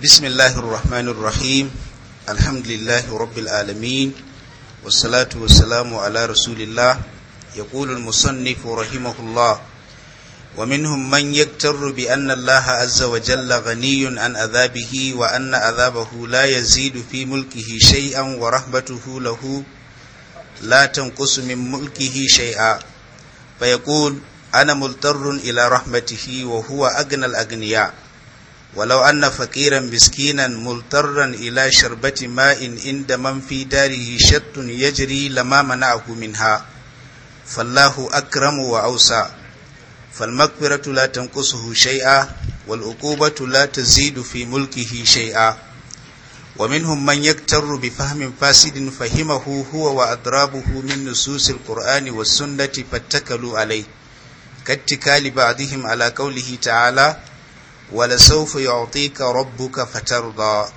بسم الله الرحمن الرحيم الحمد لله رب العالمين والصلاة والسلام على رسول الله يقول المصنف رحمه الله ومنهم من يكتر بأن الله عز وجل غني عن عذابه وأن عذابه لا يزيد في ملكه شيئا ورحمته له لا تنقص من ملكه شيئا فيقول أنا ملتر إلى رحمته وهو أغنى الأغنياء ولو أن فقيرا مسكينا ملترا إلى شربة ماء عند من في داره شط يجري لما منعه منها فالله أكرم وأوسع فالمغفرة لا تنقصه شيئا والعقوبة لا تزيد في ملكه شيئا ومنهم من يكتر بفهم فاسد فهمه هو وأضرابه من نصوص القرآن والسنة فاتكلوا عليه كاتكال بعضهم على قوله تعالى ولسوف يعطيك ربك فترضى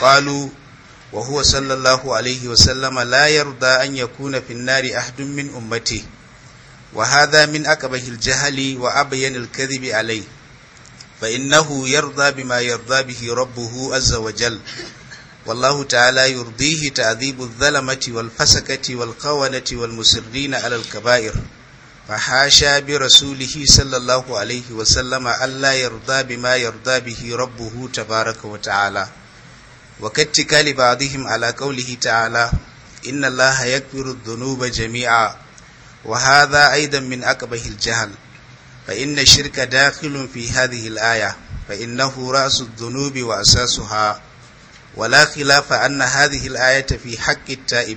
قالوا وهو صلى الله عليه وسلم لا يرضى أن يكون في النار أحد من أمته وهذا من أكبه الجهل وأبين الكذب عليه فإنه يرضى بما يرضى به ربه عز وجل والله تعالى يرضيه تعذيب الظلمة والفسكة والقونة والمسرين على الكبائر fahasha bi rasulihi sallallahu alaihi wasallama Allah ya ruda bi ma ya ruda bihi rabbuhu tabaraka wa ta'ala wa kattika li ba'dihim ala qawlihi ta'ala inna Allah yakfiru dhunuba jami'a wa hadha aidan min aqbahi al-jahl fa inna shirka dakhilun fi hadhihi al-aya fa innahu ra'su dhunubi wa asasuha wa la khilafa anna hadhihi al-ayata fi haqqi at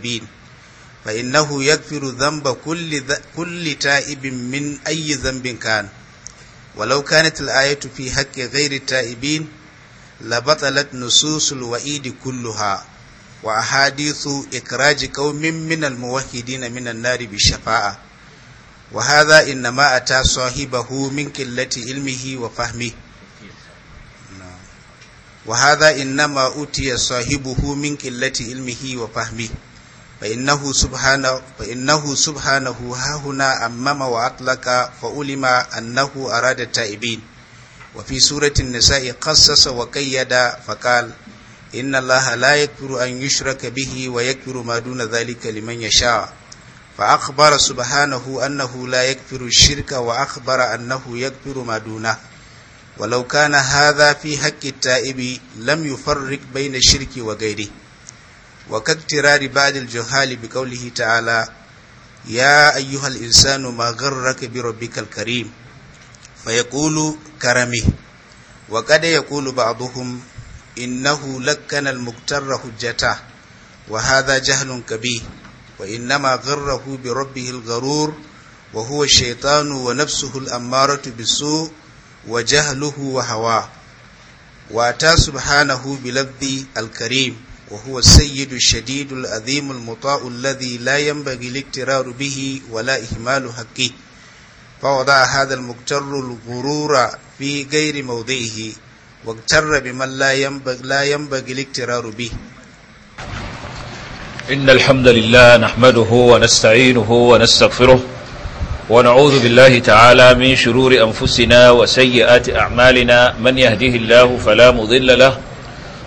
فإنه يغفر ذنب كل ذ... كل تائب من أي ذنب كان ولو كانت الآية في حق غير التائبين لبطلت نصوص الوعيد كلها وأحاديث إخراج قوم من الموحدين من النار بالشفاعة وهذا إنما أتى صاحبه من قلة علمه وفهمه وهذا إنما أتي صاحبه من قلة علمه وفهمه فإنه سبحانه فإنه سبحانه ها هنا أمم وأطلق فعلم أنه أراد التائبين وفي سورة النساء قصص وقيد فقال إن الله لا يكبر أن يشرك به ويكبر ما دون ذلك لمن يشاء فأخبر سبحانه أنه لا يكبر الشرك وأخبر أنه يكبر ما دونه ولو كان هذا في حق التائب لم يفرق بين الشرك وغيره وكاكترار بعض الجهال بقوله تعالى يا أيها الإنسان ما غرك بربك الكريم فيقول كرمه وقد يقول بعضهم إنه لكن المكتر حجته وهذا جهل كبير وإنما غره بربه الغرور وهو الشيطان ونفسه الأمارة بالسوء وجهله وهواه واتى سبحانه بلفظ الكريم وهو السيد الشديد العظيم المطاع الذي لا ينبغي الاقترار به ولا إهمال حقه فوضع هذا المقتر الغرور في غير موضعه واغتر بمن لا ينبغي, لا ينبغي الاقترار به إن الحمد لله نحمده ونستعينه ونستغفره ونعوذ بالله تعالى من شرور أنفسنا وسيئات أعمالنا من يهده الله فلا مضل له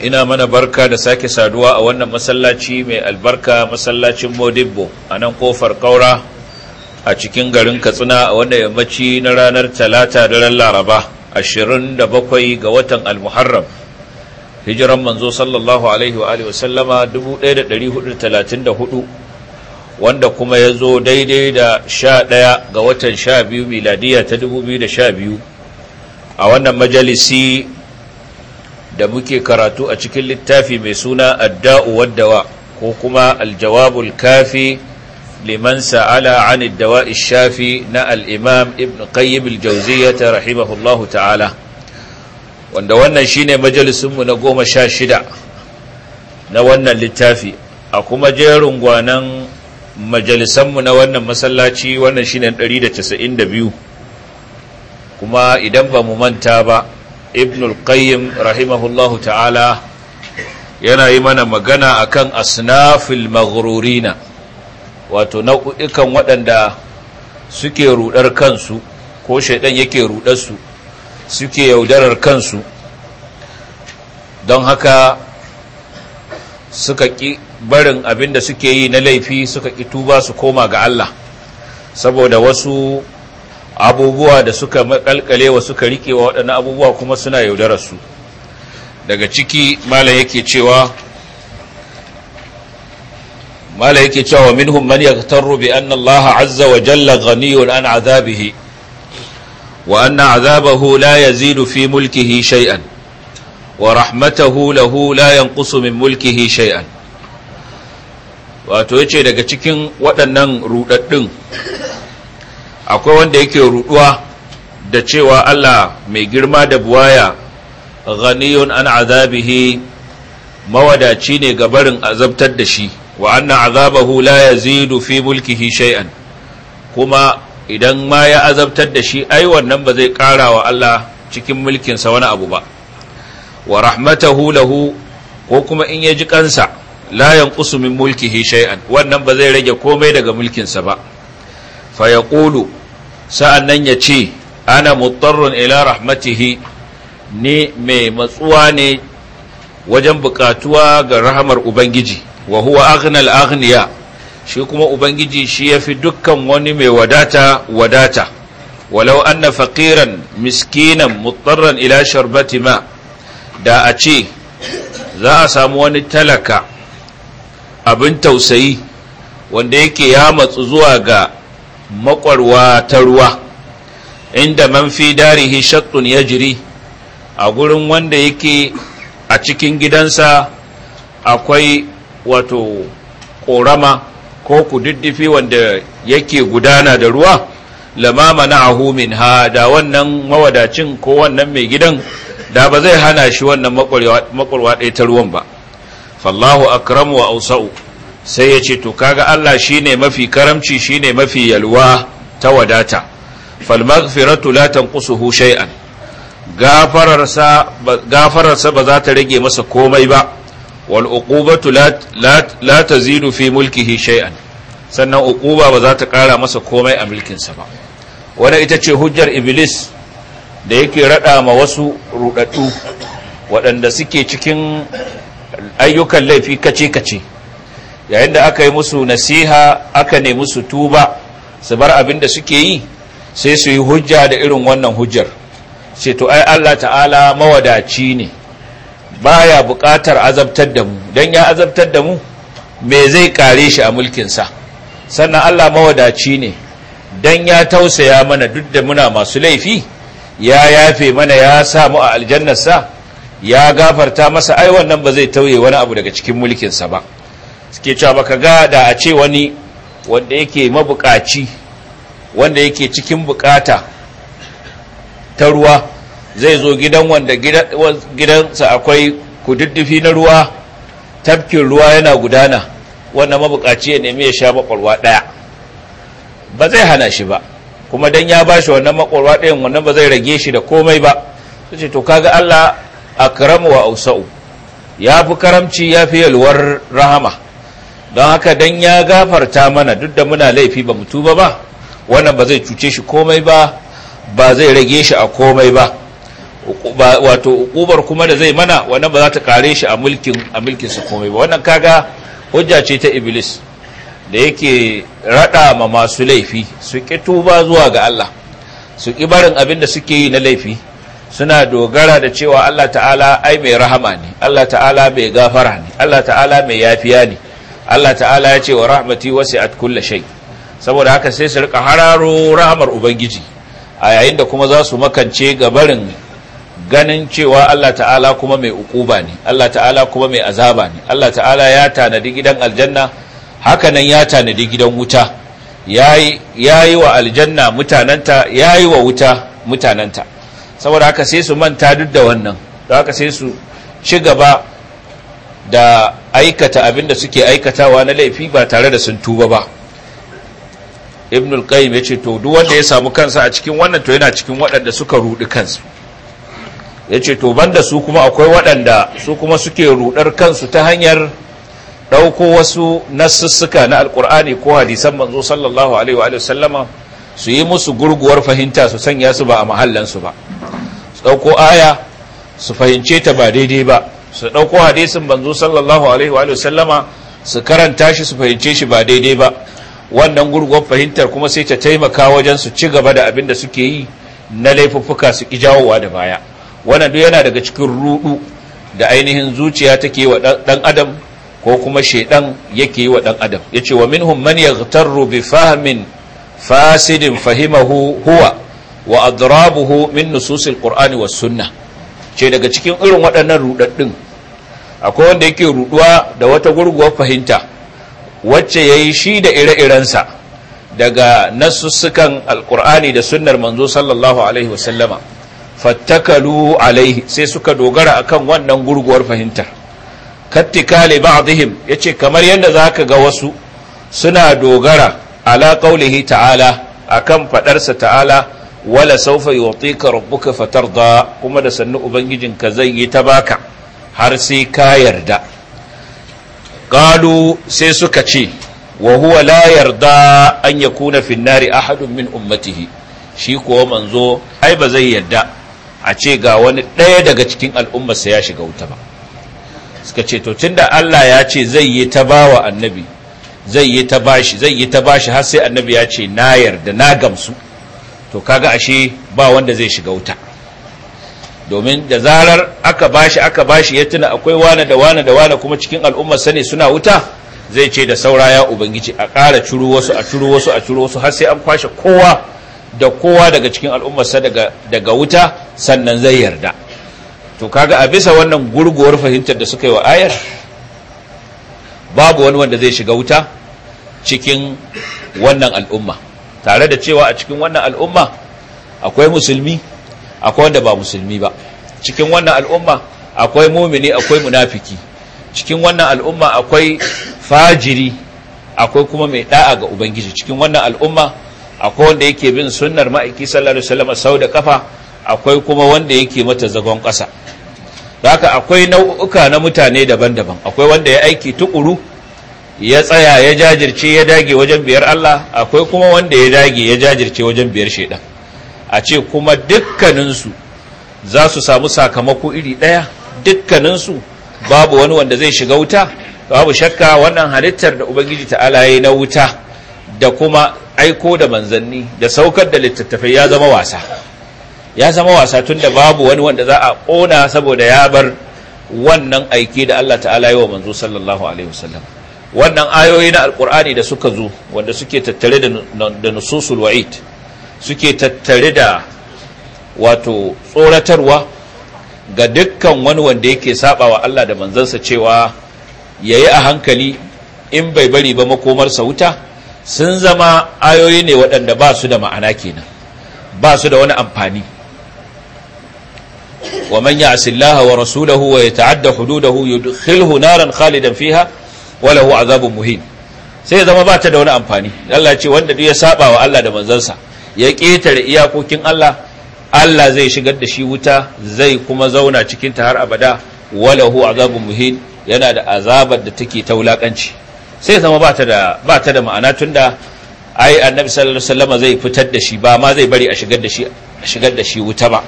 ina mana barka da sake saduwa a wannan masallaci mai albarka masallacin modibbo a nan kofar kaura a cikin garin katsina a wannan yammaci na ranar talata da ran laraba 27 ga watan almuharram hijiran manzo sallallahu alaihi wa alihi wasallama 1434 wanda kuma ya zo daidai da 11 ga watan 12 miladiya ta 2012 a wannan majalisi da muke karatu a cikin littafi mai suna adda'u waddawa ko kuma aljawabul kafi liman sa'ala an addawa Ishafi na al-imam ibn qayyim al rahimahullahu ta'ala wanda wannan shine ne majalisunmu na shida na wannan littafi a kuma jerin gwanan majalisanmu na wannan masallaci wannan shine biyu kuma idan ba mu manta ba ibn qayyim rahimahullahu ta'ala yana yi mana magana akan asnafil maghrurina wato nau'ikan waɗanda suke rudar kansu ko shaidan yake rudar su suke yaudarar kansu don haka suka ki barin abinda suke yi na laifi suka ki tuba su koma ga Allah saboda wasu abubuwa da suka wa suka rikewa waɗannan abubuwa kuma suna yaudararsu. su daga ciki mala yake cewa mala yake cewa minhum man yaqtaru bi anna Allah azza wa jalla ghaniyun an azabihi wa anna azabahu la yazidu fi mulkihi shay'an wa rahmatahu lahu la yanqusu min mulkihi shay'an wato yace daga cikin waɗannan rudaddin akwai wanda yake ruduwa da cewa Allah mai girma da buwaya ghaniyun an azabihi mawadaci ne ga barin azabtar da shi wa anna azabahu la yazidu fi mulkihi shay'an kuma idan ma ya azabtar da shi ai wannan ba zai kara wa Allah cikin mulkinsa wani abu ba wa rahmatahu lahu ko kuma in ya ji kansa la yanqusu min mulkihi shay'an wannan ba zai rage komai daga mulkinsa ba fayaƙulu ya sa'an nan ya ce ana mutarrun ila rahmatihi ne mai matsuwa ne wajen buƙatuwa ga rahamar ubangiji wa huwa aghnal shi kuma ubangiji shi ya fi dukkan wani mai wadata wadata walau anna faqiran miskinan mutarran ila sharbati ma da a ce za a samu wani talaka abin tausayi wanda yake ya matsu zuwa ga makwarwa ta ruwa inda man fi darihi shattun ya jiri a gurin wanda yake a cikin gidansa akwai wato ƙorama ko kududdufi wanda yake gudana da ruwa lamama na ahumin ha da wannan mawadacin ko wannan mai gidan da ba zai hana shi wannan makwarwa ɗaya ta ruwan ba fallahu akramu wa ausa'u sai ya ce to kaga Allah shine mafi karamci shine mafi yalwa ta wadata fal maghfiratu la tanqusuhu shay'an gafararsa gafararsa ba za ta rage masa komai ba wal uqubatu la tazidu fi mulkihi shay'an sannan uquba ba za ta kara masa komai a mulkinsa ba wannan ita ce hujjar iblis da yake rada ma wasu rudaddu waɗanda suke cikin ayyukan laifi kace-kace yayin da aka yi musu nasiha aka nemi su tuba su bar abin da suke yi sai su yi hujja da irin wannan hujjar ce to ai Allah ta'ala mawadaci ne baya buƙatar azabtar da mu dan ya azabtar da mu me zai kare shi a mulkinsa sannan Allah mawadaci ne dan ya tausaya mana duk da muna masu laifi ya yafe mana ya sa mu a sa, ya gafarta masa ai wannan ba zai tauye wani abu daga cikin mulkinsa ba suke cewa baka ga da a ce wani wanda yake mabukaci wanda yake cikin bukata ta ruwa zai zo gidan wanda gidansa akwai kududdufi na ruwa tafkin ruwa yana gudana wannan mabukaci ya nemi ya sha makwarwa ɗaya ba zai hana shi ba kuma don ya ba shi wannan makwarwa ɗayan wannan ba zai rage shi da komai ba su ce to kaga Allah a wa ausa'u ya fi karamci ya fi yalwar rahama don haka don ya gafarta mana duk da muna laifi ba mutu ba ba wannan ba zai cuce shi komai ba ba zai rage shi a komai ba wato ukubar kuma da zai mana wannan ba za ta kare shi a mulkin a mulkin su komai ba wannan kaga hujja ce ta iblis da yake rada ma masu laifi su ki tuba zuwa ga Allah su ki barin abin da suke yi na laifi suna dogara da cewa Allah ta'ala ai mai rahama ne Allah ta'ala mai gafara ne Allah ta'ala mai yafiya ne Allah ta'ala ya ce wa rahmati wasi'at kulli shay saboda haka sai su rika hararo rahmar ubangiji a yayin da kuma za su makance ga barin ganin cewa Allah ta'ala kuma mai ukuba ne Allah ta'ala kuma mai azaba ne Allah ta'ala ya tanadi gidan aljanna haka nan ya tanadi gidan wuta yayi wa aljanna mutananta yayi wa wuta mutananta saboda haka sai su manta duk da wannan da haka sai su ci gaba da aikata abinda suke aikatawa na laifi ba tare da sun tuba ba ibnul qayyim yace to duk wanda ya samu kansa a cikin wannan to yana cikin waɗanda suka rudi kansu yace to banda su kuma akwai waɗanda su kuma suke rudar kansu ta hanyar ɗauko wasu nasussuka na alkur'ani ko hadisan manzo sallallahu alaihi wa sallama su yi musu gurguwar fahimta su sanya su ba a mahallansu ba su ɗauko aya su fahimce ta ba daidai ba su ɗauko hadisin banzu sallallahu alaihi wa sallama su karanta shi su fahimce shi ba daidai ba wannan gurguwar fahimtar kuma sai ta taimaka wajen su ci gaba da abin da suke yi na laifuffuka su ki jawowa da baya wannan duk yana daga cikin rudu da ainihin zuciya take wa dan adam ko kuma shedan yake yi wa dan adam yace wa minhum man yaghtarru bi fahmin fasidin fahimahu huwa wa adrabuhu min nususil qur'ani was sunnah ce daga cikin irin waɗannan rudaddin akwai wanda yake ruduwa da wata gurguwar fahimta wacce yayi shi da ire-irensa daga nasussukan alkur'ani da sunnar manzo sallallahu alaihi wasallama fattakalu alaihi sai suka dogara akan wannan gurguwar fahimta kattikali ba'dihim yace kamar yadda zaka ga wasu suna dogara ala qaulihi ta'ala akan fadarsa ta'ala wala sawfa yu'tika rabbuka fatarda kuma da sannu ubangijinka zai yi ta baka har sai ka yarda qalu sai suka ce wa huwa la yarda an yakuna fi nari ahadun min ummatihi shi kuwa manzo ai ba zai yarda a ce ga wani ɗaya daga cikin al'ummarsa ya shiga wuta ba suka ce to tunda Allah ya ce zai yi ta bawa annabi zai yi ta bashi zai yi ta bashi har sai annabi ya ce na yarda na gamsu to kaga ashe ba wanda zai shiga wuta domin da zarar aka bashi aka bashi ya tuna akwai wane da wane da wane kuma cikin al'ummar sane suna wuta zai ce da saura ya ubangiji a ƙara ciro wasu a ciro wasu a ciro wasu har sai an kwashe kowa da kowa daga cikin al'ummarsa daga daga wuta sannan zai yarda to kaga a bisa wannan gurguwar fahimtar da suka yi wa ayar babu wani wanda zai shiga wuta cikin wannan al'umma tare da cewa a cikin wannan al'umma akwai musulmi akwai wanda ba musulmi ba cikin wannan al'umma akwai mumini akwai munafiki cikin wannan al'umma akwai fajiri akwai kuma mai da'a ga ubangiji cikin wannan al'umma akwai wanda yake bin sunnar ma'aiki sallallahu alaihi wasallam sau da kafa akwai kuma wanda yake mata zagon ƙasa haka akwai nau'uka na mutane daban-daban akwai wanda ya aiki tukuru ya tsaya ya jajirce ya dage wajen biyar Allah akwai kuma wanda ya dage ya jajirce wajen biyar shedan a ce kuma dukkaninsu za su samu sakamako iri ɗaya dukkaninsu babu wani wanda zai shiga wuta babu shakka wannan halittar da ubangiji ta'ala ya na wuta da kuma aiko da manzanni da saukar da littattafai ya zama wasa ya zama wasa tun da babu wani wanda za a ƙona saboda ya bar wannan aiki da Allah ta'ala yi wa manzo sallallahu alaihi wasallam wannan ayoyi na alkur'ani da suka zo wanda suke tattare da nususul wa'id suke tattare da wato tsoratarwa ga dukkan wani wanda yake saba wa Allah da manzansa cewa ya yi a hankali in bai bari ba makomarsa wuta sun zama ayoyi ne waɗanda ba su da ma'ana kenan ba su da wani amfani wa manya a Allah wa rasulahu wa ta'adda hududahu yudkhilhu naran khalidan fiha walahu lahu azabun muhin sai ya zama ba ta da wani amfani Allah ce wanda duk ya saba wa Allah da manzansa ya ƙetare iyakokin Allah Allah zai shigar da shi wuta zai kuma zauna cikin ta har abada walahu azabun muhin yana da azabar da take ta wulaƙanci. sai zama ba ta da ma'ana tun da ma'ana tunda ai annabi sallallahu alaihi wasallam zai fitar da shi ba ma zai bari a shigar da shi wuta ba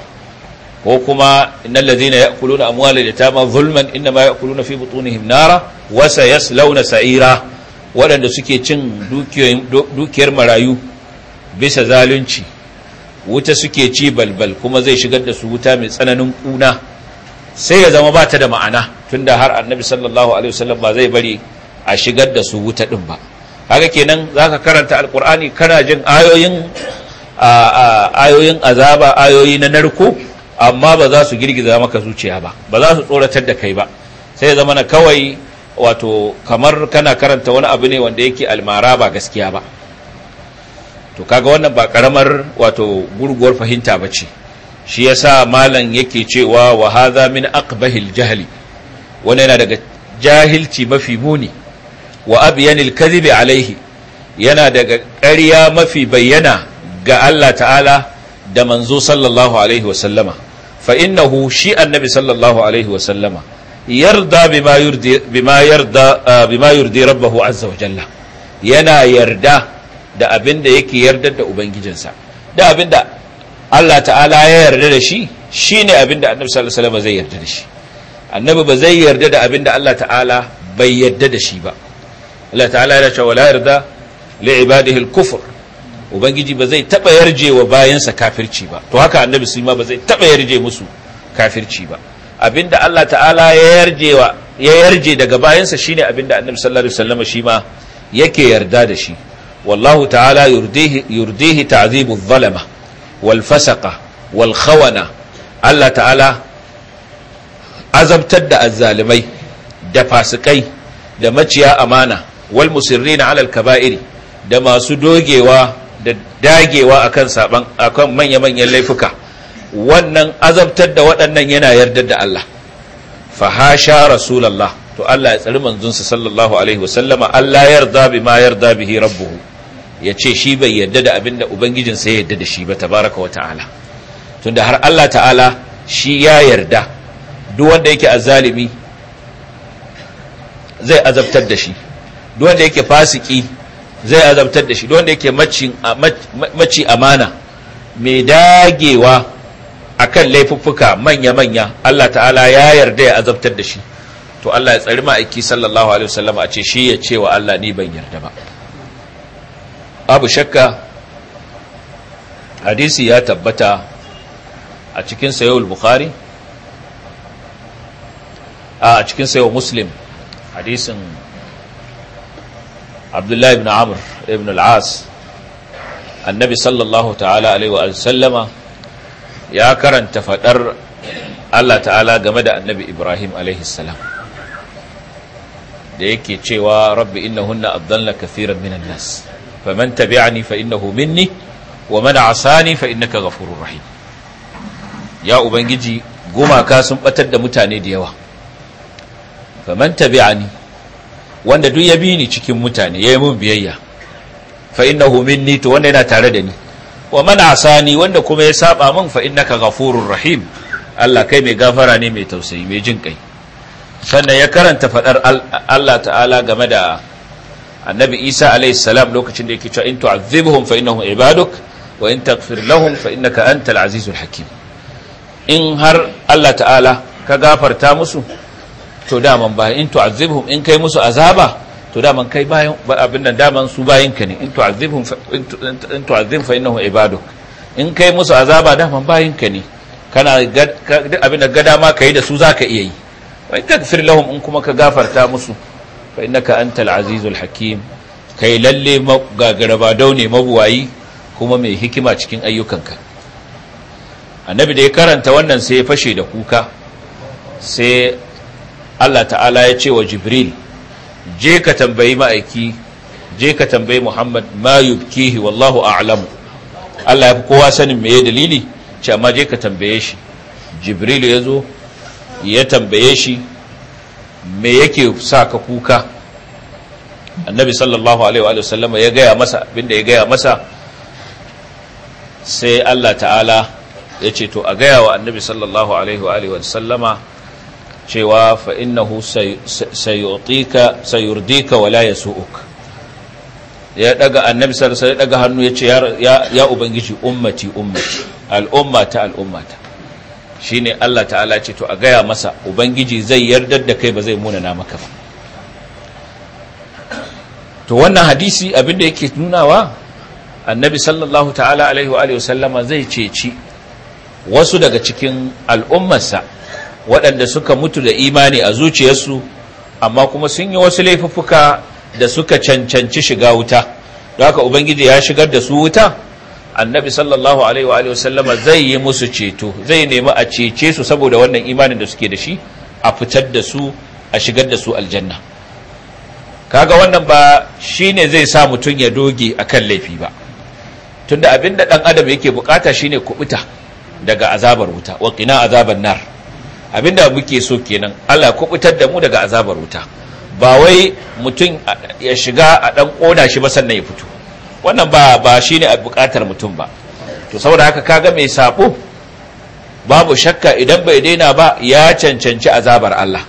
ko kuma innal ladhina ya'kuluna amwalal yatama zulman inma ya'kuluna fi butunihim nara wa sayaslawna sa'ira waɗanda suke cin dukiyar marayu bisa zalunci wuta suke ci balbal kuma zai shigar da su wuta mai tsananin kuna sai ya zama bata da ma'ana tunda har annabi sallallahu alaihi wasallam ba zai bari a shigar da su wuta din ba haka kenan zaka karanta alqur'ani kana jin ayoyin ayoyin azaba ayoyi na narko amma ba za su girgiza maka zuciya ba ba za su tsoratar da kai ba sai ya zama na kawai wato kamar kana karanta wani abu ne wanda yake almara ba gaskiya ba to kaga wannan ba karamar wato gurguwar fahimta ba ce shi yasa malam yake cewa wa min aqbahil jahli Wani yana daga jahilci mafi muni wa abyanil kadhibi alaihi yana daga ƙarya mafi bayyana ga Allah ta'ala da manzo sallallahu alaihi wa sallama fa innahu shi annabi sallallahu alaihi wa sallama yarda bima yurdi bima yarda bima yurdi rabbahu azza wa jalla yana yarda da abin da yake yardar da ubangijinsa da abin da Allah ta'ala ya yarda da shi shine abin da annabi sallallahu alaihi wasallam zai yarda da shi annabi ba zai yarda da abin da Allah ta'ala bai yarda da shi ba Allah ta'ala ya ce wala yarda li ibadihi al-kufr ubangiji ba zai taba yarje wa bayansa kafirci ba to haka annabi su ma ba zai taba yarje musu kafirci ba abinda Allah ta'ala ya yarje wa ya yarje daga bayansa shine abinda annabi sallallahu alaihi wasallam shi ma yake yarda da shi wallahu ta'ala yurdihi ta'zimu zalama wal fasaqa wal khawana Allah ta'ala azabtar da azzalimai da fasikai da maciya amana wal musirrina ala al kaba'iri da masu dogewa da dagewa akan saban akan manya laifuka wannan azabtar da waɗannan yana yarda da Allah fahasha rasulallah to Allah ya tsari manzonsa sallallahu alaihi wasallama Allah yarda bima yarda bihi rabbuhu ya ce shi bai yarda da abinda da ubangijinsa ya yarda da shi ba tabaraka wata'ala tunda har Allah ta'ala shi ya yarda duk wanda yake azzalimi zai azabtar da shi duk wanda yake fasiki zai azabtar da shi duk wanda yake maci amana mai dagewa akan laifuffuka manya-manya Allah ta'ala ya yarda ya azabtar da shi to Allah ya tsari ma'aiki sallallahu alaihi wasallam a ce shi ya ce wa Allah ni ban yarda ba abu shakka hadisi ya tabbata a cikin sayowar bukhari a cikin sayowar muslim hadisin abdullahi ibn amur ibn al'as annabi sallallahu ta'ala alaihi wa sallama ya karanta faɗar Allah ta'ala game da annabi ibrahim alaihi salam da yake cewa rabbi inna innahunna abdalla kathiran minan nas faman tabi'ani fa innahu minni wa man asani fa innaka ghafurur rahim ya ubangiji gumaka sun ɓatar da mutane da yawa faman tabi'ani wanda duk ya bi ni cikin mutane yayi mun biyayya fa innahu minni to wanda yana tare da ni wa man asani wanda kuma ya saɓa min fa innaka ghafurur rahim Allah kai mai gafara ne mai tausayi mai jin kai sannan ya karanta faɗar Allah ta'ala game da annabi isa alayhi salam lokacin da yake cewa in tu'adhibhum fa innahum ibaduk wa in taghfir lahum fa innaka antal azizul hakim in har Allah ta'ala ka gafarta musu to daman ba in tu'adhibhum in kai musu azaba to daman kai bayan abin nan daman su bayin ka ne in tu'adhibhum in tu'adhibhum fa innahum ibaduk in kai musu azaba daman bayin ka ne kana abin da ga dama kai da su zaka iya yi wa in taghfir lahum in kuma ka gafarta musu fa innaka antal azizul hakim kai lalle gagaraba ne mabuwayi kuma mai hikima cikin ayyukanka annabi da ya karanta wannan sai ya fashe da kuka sai Allah ta'ala ya ce wa jibril je ka tambayi ma'aiki je ka tambayi muhammad ma yubkihi wallahu a'lamu Allah ya fi kowa sanin me dalili ce amma je ka tambaye shi jibril ya zo ya tambaye shi me yake sa ka kuka annabi sallallahu alaihi wa sallama ya gaya masa abinda ya gaya masa sai Allah ta'ala ya ce to a gaya wa annabi sallallahu alaihi wa sallama cewa fa sayurdika wala yasu'uk ya daga annabi sallallahu alaihi ya daga hannu ya ce ya ubangiji ummati ummati al'ummata al'ummata Shi ne Allah ta'ala ce to a gaya masa ubangiji zai yarda da kai ba zai munana maka ba to wannan hadisi abinda yake nunawa annabi sallallahu ta'ala alaihi wa sallama zai ceci wasu daga cikin al'ummarsa waɗanda suka mutu da imani a zuciyarsu amma kuma sun yi wasu laifuffuka da suka cancanci shiga wuta don haka ubangiji ya shigar da su wuta annabi sallallahu alaihi wa sallama zai yi musu ceto zai nemi a cece su saboda wannan imanin da suke da shi a fitar da su a shigar da su aljanna kaga wannan ba shine zai sa mutum ya doge akan laifi ba tunda abinda dan adam yake bukata shine kubuta daga azabar wuta wa qina azaban nar abinda muke so kenan Allah kubutar da mu daga azabar wuta ba wai mutum ya shiga a dan kona shi ba sannan ya fito wannan ba ba ne a bukatar mutum ba to saboda haka ka ga mai sabo babu shakka idan bai daina ba ya cancanci azabar Allah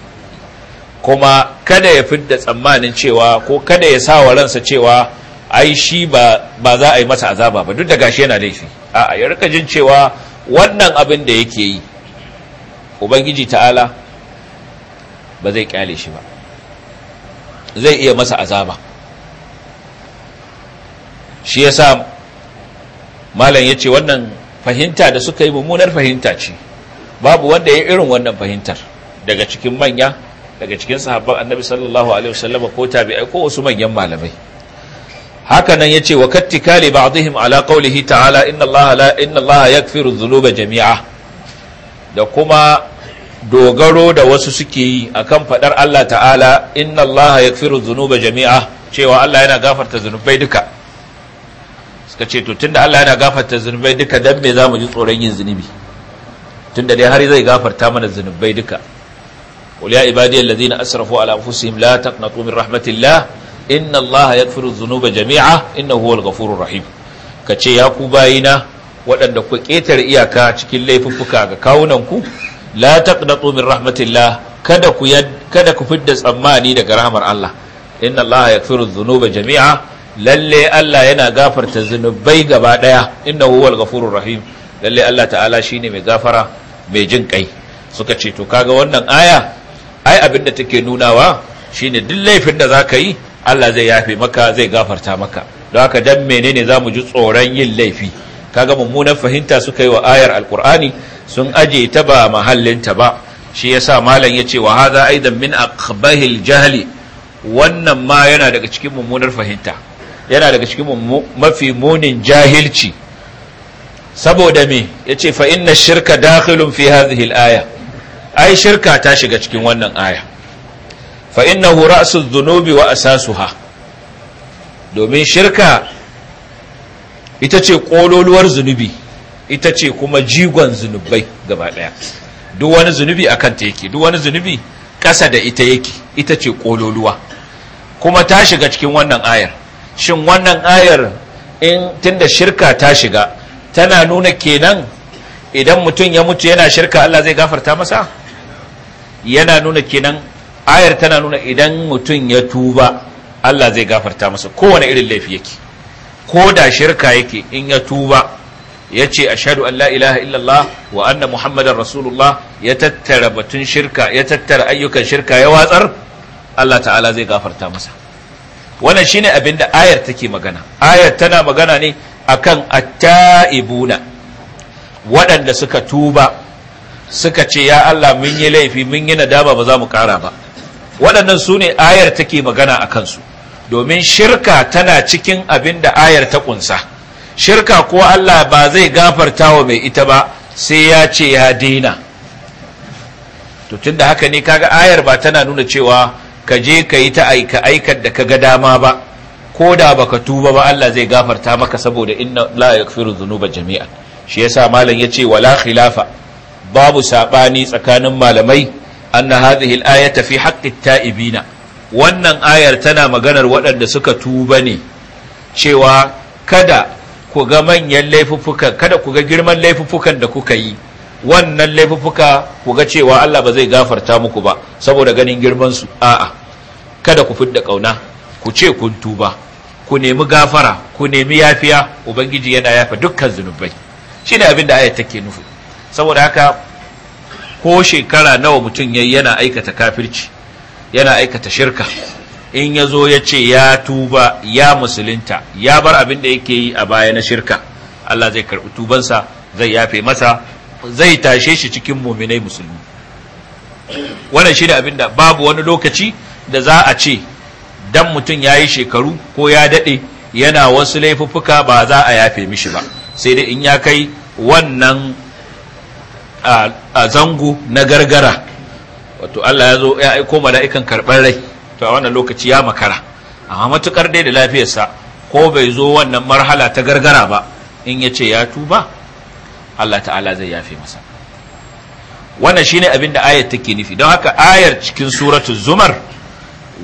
kuma kada ya fidda tsammanin cewa ko kada ya sa wa ransa cewa ai shi ba ba za a yi masa azaba ba duk da gashi yana laifi a'a ya rika jin cewa wannan abin da yake yi ubangiji ta'ala ba zai kyale shi ba zai iya masa azaba shi yasa malam yace wannan fahimta da suka yi mummunar fahimta ce babu wanda ya irin wannan fahimtar daga cikin manya daga cikin sahabban annabi sallallahu alaihi wasallam ko tabi'ai ko wasu manyan malamai haka nan yace wa kattikali ba'dihim ala qawlihi ta'ala inna allaha la inna allaha yaghfiru dhunuba jami'a da kuma dogaro da wasu suke yi akan fadar Allah ta'ala inna allaha yaghfiru dhunuba jami'a cewa Allah yana gafarta zunubai duka suka ce to tunda Allah yana gafarta zunubai duka dan me zamu ji tsoron yin zunubi tunda dai har zai gafarta mana zunubai duka qul ya ibadiyal ladina asrafu ala anfusihim la taqnatu min rahmatillah inna Allah yaghfiru dhunuba jami'a innahu huwal ghafurur rahim kace ya ku bayina waɗanda ku ketare iyaka cikin laifuffuka ga kawunan ku la taqnatu min rahmatillah kada ku kada ku fidda tsammani daga rahmar Allah inna Allah yaghfiru dhunuba jami'a lalle Allah yana gafarta zunubai gaba daya innahu huwal ghafurur rahim lalle Allah ta'ala shine mai gafara mai jin kai suka ce to kaga wannan aya ai abinda take nunawa shine duk laifin da zaka yi Allah zai yafe maka zai gafarta maka don haka dan menene zamu ji tsoron yin laifi kaga mummunan fahimta suka yi wa ayar alqur'ani sun aje ta ba ta ba shi yasa malam yace wa hadha aidan min aqbahil jahli wannan ma yana daga cikin mummunar fahimta yana daga cikin mafi munin jahilci saboda me yace fa inna shirka dakhilun fi hadhihi al-aya ai shirka ta shiga cikin wannan aya fa innahu ra'su dhunubi wa asasuha domin shirka ita ce kololuwar zunubi ita ce kuma jigon zunubai gaba daya duk wani zunubi akan ta yake duk wani zunubi ƙasa da ita yake ita ce kololuwa kuma ta shiga cikin wannan ayar shin wannan ayar in tunda shirka ta shiga tana nuna kenan idan mutum ya mutu yana shirka Allah zai gafarta masa yana nuna kenan ayar tana nuna idan mutum ya tuba Allah zai gafarta masa kowane irin laifi yake ko da shirka yake in ya tuba ya ce ashadu an la ilaha illallah wa anna muhammadan rasulullah ya tattara batun shirka ya tattara ayyukan shirka ya watsar Allah ta'ala zai gafarta masa wannan shine abin da ayar take magana ayar tana magana ne akan attaibuna waɗanda suka tuba suka ce ya Allah mun yi laifi mun yi nadama ba za mu ƙara ba waɗannan su ne ayar take magana a kansu domin shirka tana cikin abin da ayar ta ƙunsa shirka ko Allah ba zai gafarta wa mai ita ba sai ya ce ya daina to tunda haka ne kaga ayar ba tana nuna cewa ka je ka yi ta aika aikar da ka ga dama ba ko da baka tuba ba Allah zai gafarta maka saboda inna la yaghfiru dhunuba jami'a shi yasa malam yace wala khilafa babu sabani tsakanin malamai anna hadhihi al-ayata fi haqqi taibina wannan ayar tana maganar waɗanda suka tuba ne cewa kada ku ga manyan laifuffukan kada ku ga girman laifuffukan da kuka yi wannan laifuffuka ku ga cewa Allah ba zai gafarta muku ba saboda ganin girman su a'a kada ku fidda kauna ku ce kun tuba ku nemi gafara ku nemi yafiya ubangiji yana yafa dukkan zunubai shine abin da ayat take nufi saboda haka ko shekara nawa mutum yayi yana aikata kafirci yana aikata shirka in ya zo ya ce ya tuba ya musulunta ya bar abin da yake yi a baya na shirka Allah zai karɓi tubansa zai yafe masa zai tashe shi cikin muminai musulmi wannan shi ne abinda babu wani lokaci da za a ce dan mutum ya yi shekaru ko ya daɗe yana wasu laifuffuka ba za a yafe mishi ba sai dai in ya kai wannan a zango na gargara wato Allah ya zo ya aiko mala'ikan karɓar rai to a wannan lokaci ya makara amma matukar dai da lafiyarsa ko bai zo wannan marhala ta gargara ba in ya ce ya tuba Allah ta'ala zai yafe masa wannan shine abin da ayar take nufi don haka ayar cikin suratul zumar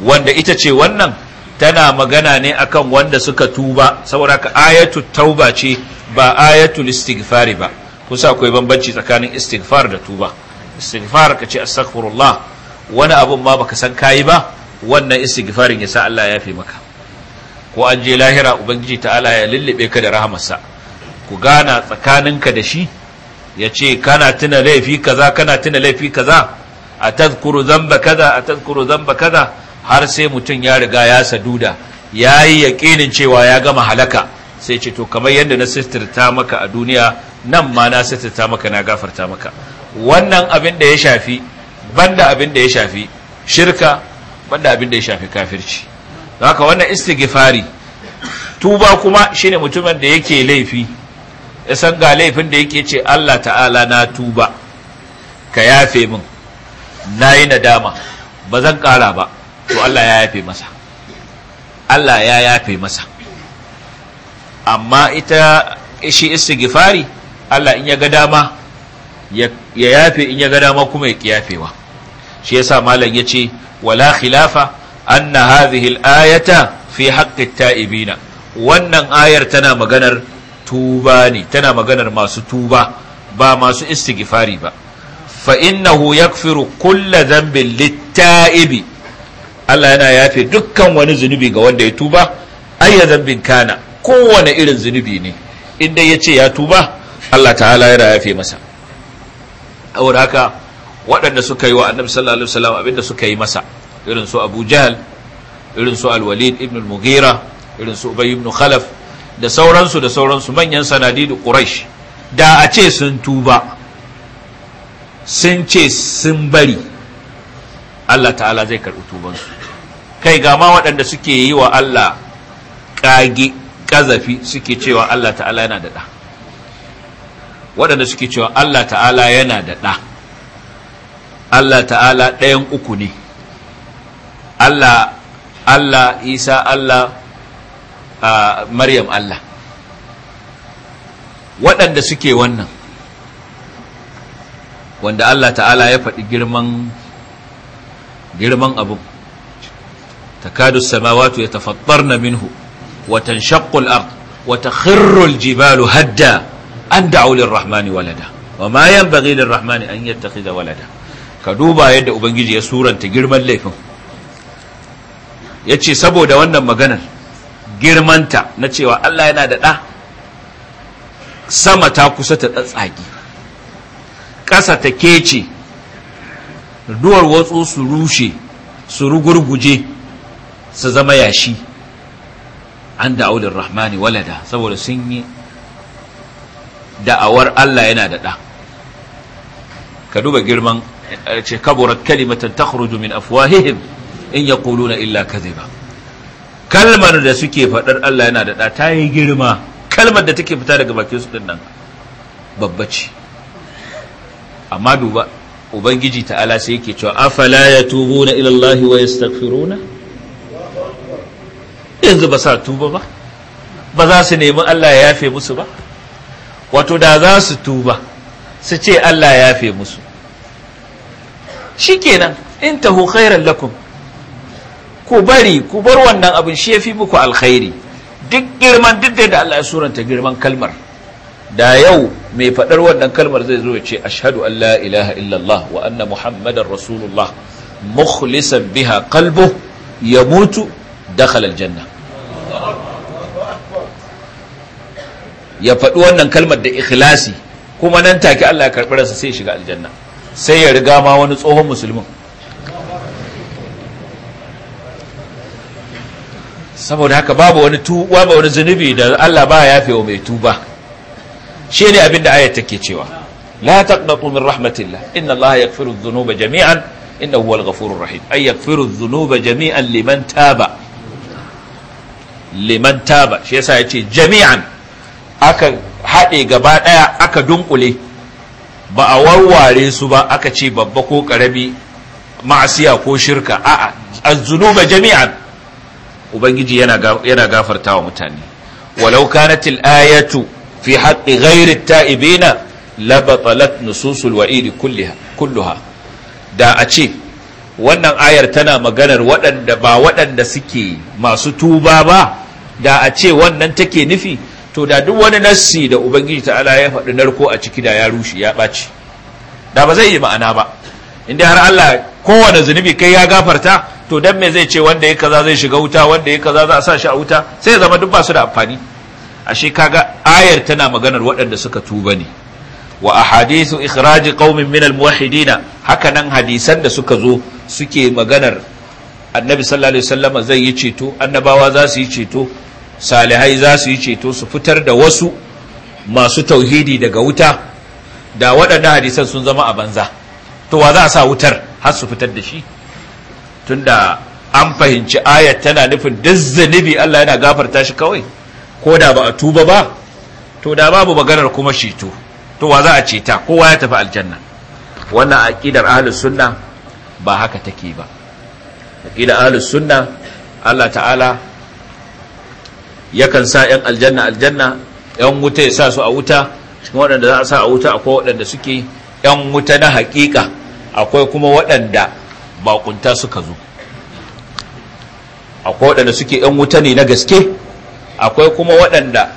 wanda ita ce wannan tana magana ne akan wanda suka tuba saboda haka ayatu tauba ce ba ayatul istighfari ba kusa akwai bambanci tsakanin istighfar da tuba istighfar ka ce astaghfirullah wani abun ma baka san kayi ba wannan istighfarin yasa Allah ya maka ko an je lahira ubangiji ta'ala ya lullube ka da rahamarsa ku gana tsakaninka da shi ya ce kana tuna laifi kaza kana tuna laifi kaza a tazkuru zamba kaza a tazkuru zamba kaza har sai mutum ya riga ya saduda ya yi yaƙinin cewa ya gama halaka sai ce to kamar yadda na sistirta maka a duniya nan ma na sistirta maka na gafarta maka wannan abin da ya shafi banda abin da ya shafi shirka banda abin da ya shafi kafirci haka wannan istighfari tuba kuma shine mutumin da yake laifi ya san ga laifin da yake ce Allah ta'ala na tuba ka yafe min na yi nadama ba zan ƙara ba to Allah ya yafe masa Allah ya yafe masa amma ita shi istighfari Allah in ya ga dama ya yafe in ya ga dama kuma ya kiyafewa shi yasa malam yace wala khilafa anna hadhihi al-ayata fi haqqi at-ta'ibina wannan ayar tana maganar tuba ne tana maganar masu tuba ba masu istighfari ba fa innahu yakfiru kulla dhanbin litta'ibi Allah yana yafe dukkan wani zunubi ga wanda ya tuba ayya dhanbin kana kowane irin zunubi ne inda ya ce ya tuba Allah ta'ala yana yafe masa saboda haka waɗanda suka yi wa annabi sallallahu alaihi wasallam abinda suka yi masa irin su Abu Jahl irin su Al-Walid ibn al-Mughira irin su Ubay ibn Khalaf da sauransu da sauransu manyan sanadi da Quraysh da a ce sun tuba sun ce sun bari Allah ta'ala zai karɓi tubansu kai ga ma waɗanda suke yi wa Allah ƙage ƙazafi suke cewa Allah ta'ala yana da ɗa waɗanda suke cewa Allah ta'ala yana da ɗa Allah ta'ala ɗayan uku ne Allah Allah Isa Allah a maryam Allah waɗanda suke wannan wanda Allah ta'ala ya faɗi girman girman abu takadu samawatu ya minhu na minhu watan ard wa wata al-jibalu hadda an da'u rahmani walada wa ma yanbaghi lir-rahmani an da walada ka duba yadda ubangiji ya suranta girman laifin yace saboda wannan maganar girmanta na cewa Allah yana da ɗa sama ta kusa ta tsatsagi ƙasa ta kece duwar watsu su rushe su rugurguje su zama yashi an da'audar rahmani walada saboda sun yi da'awar Allah yana da ɗa ka duba girman eh, ce kaburar kalimatan ta min afwahihim in ya illa kaziba. ba kalmar da suke faɗar Allah yana da ɗa ta yi girma kalmar da take fita daga bakin su nan babba ce amma duba ubangiji ta'ala sai yake cewa afala yatubuna ila Allah wa yastaghfiruna yanzu ba sa tuba ba ba za su nemi Allah ya yafe musu ba wato da za su tuba su ce Allah ya yafe musu shikenan in tahu khairan lakum ku bari ku bar wannan abin shi ya fi muku alkhairi duk girman duk da Allah ya suranta girman kalmar da yau mai faɗar wannan kalmar zai zo ya ce ashadu an la ilaha illallah wa anna muhammadan rasulullah mukhlisan biha ya mutu dakhala janna ya faɗi wannan kalmar da ikhlasi kuma nan take Allah ya karɓi rasa sai shiga aljanna sai ya riga ma wani tsohon musulmin saboda haka babu wani tuba wani zunubi da Allah ba ya wa mai tuba shi ne abinda ayat take cewa la taqnatu min rahmatillah inna Allah yaghfiru dhunuba jami'an inna huwal ghafurur rahim ay yaghfiru dhunuba jami'an liman taba liman taba shi yasa yace jami'an aka haɗe gaba ɗaya aka dunkule ba a warware su ba aka ce babba ko ƙarami ma'asiya ko shirka a'a az-zunuba jami'an ubangiji yana gafarta wa mutane walau kanatil ayatu fi haqqi ghairi ta'ibina labatalat nususul wa'idi kulluha da a ce wannan ayar tana maganar waɗanda ba waɗanda suke masu tuba ba da a ce wannan take nufi to da duk wani nassi da ubangiji ta'ala ya faɗi narko a ciki da ya rushe ya ɓaci da ba zai yi ma'ana ba inda har Allah kowane zunubi kai ya gafarta to dan me zai ce wanda ya kaza zai shiga wuta wanda ya kaza za a sa shi a wuta sai ya zama duk ba su da amfani ashe kaga ayar tana maganar waɗanda suka tuba ne wa ahadithu ikhraji qaumin minal muwahhidina haka nan hadisan da suka zo suke maganar annabi sallallahu alaihi wasallama zai yi ceto annabawa za su yi ceto salihai za su yi ceto su fitar da wasu masu tauhidi daga wuta da waɗannan hadisan sun zama a banza to wa za a sa wutar har su fitar da shi tunda an fahimci ayat tana nufin duk zunubi Allah yana gafarta shi kawai ko da ba a tuba ba to da babu maganar kuma shi to wa za a ceta kowa ya tafi aljanna wannan aqidar ahlus sunna ba haka take ba aqidar ahlus sunna Allah ta'ala yakan sa yan aljanna aljanna yan wuta ya sa su a wuta cikin waɗanda za a sa a wuta akwai waɗanda suke yan wuta na haƙiƙa akwai kuma waɗanda bakunta suka zo akwai waɗanda suke ‘yan wuta ne na gaske akwai kuma waɗanda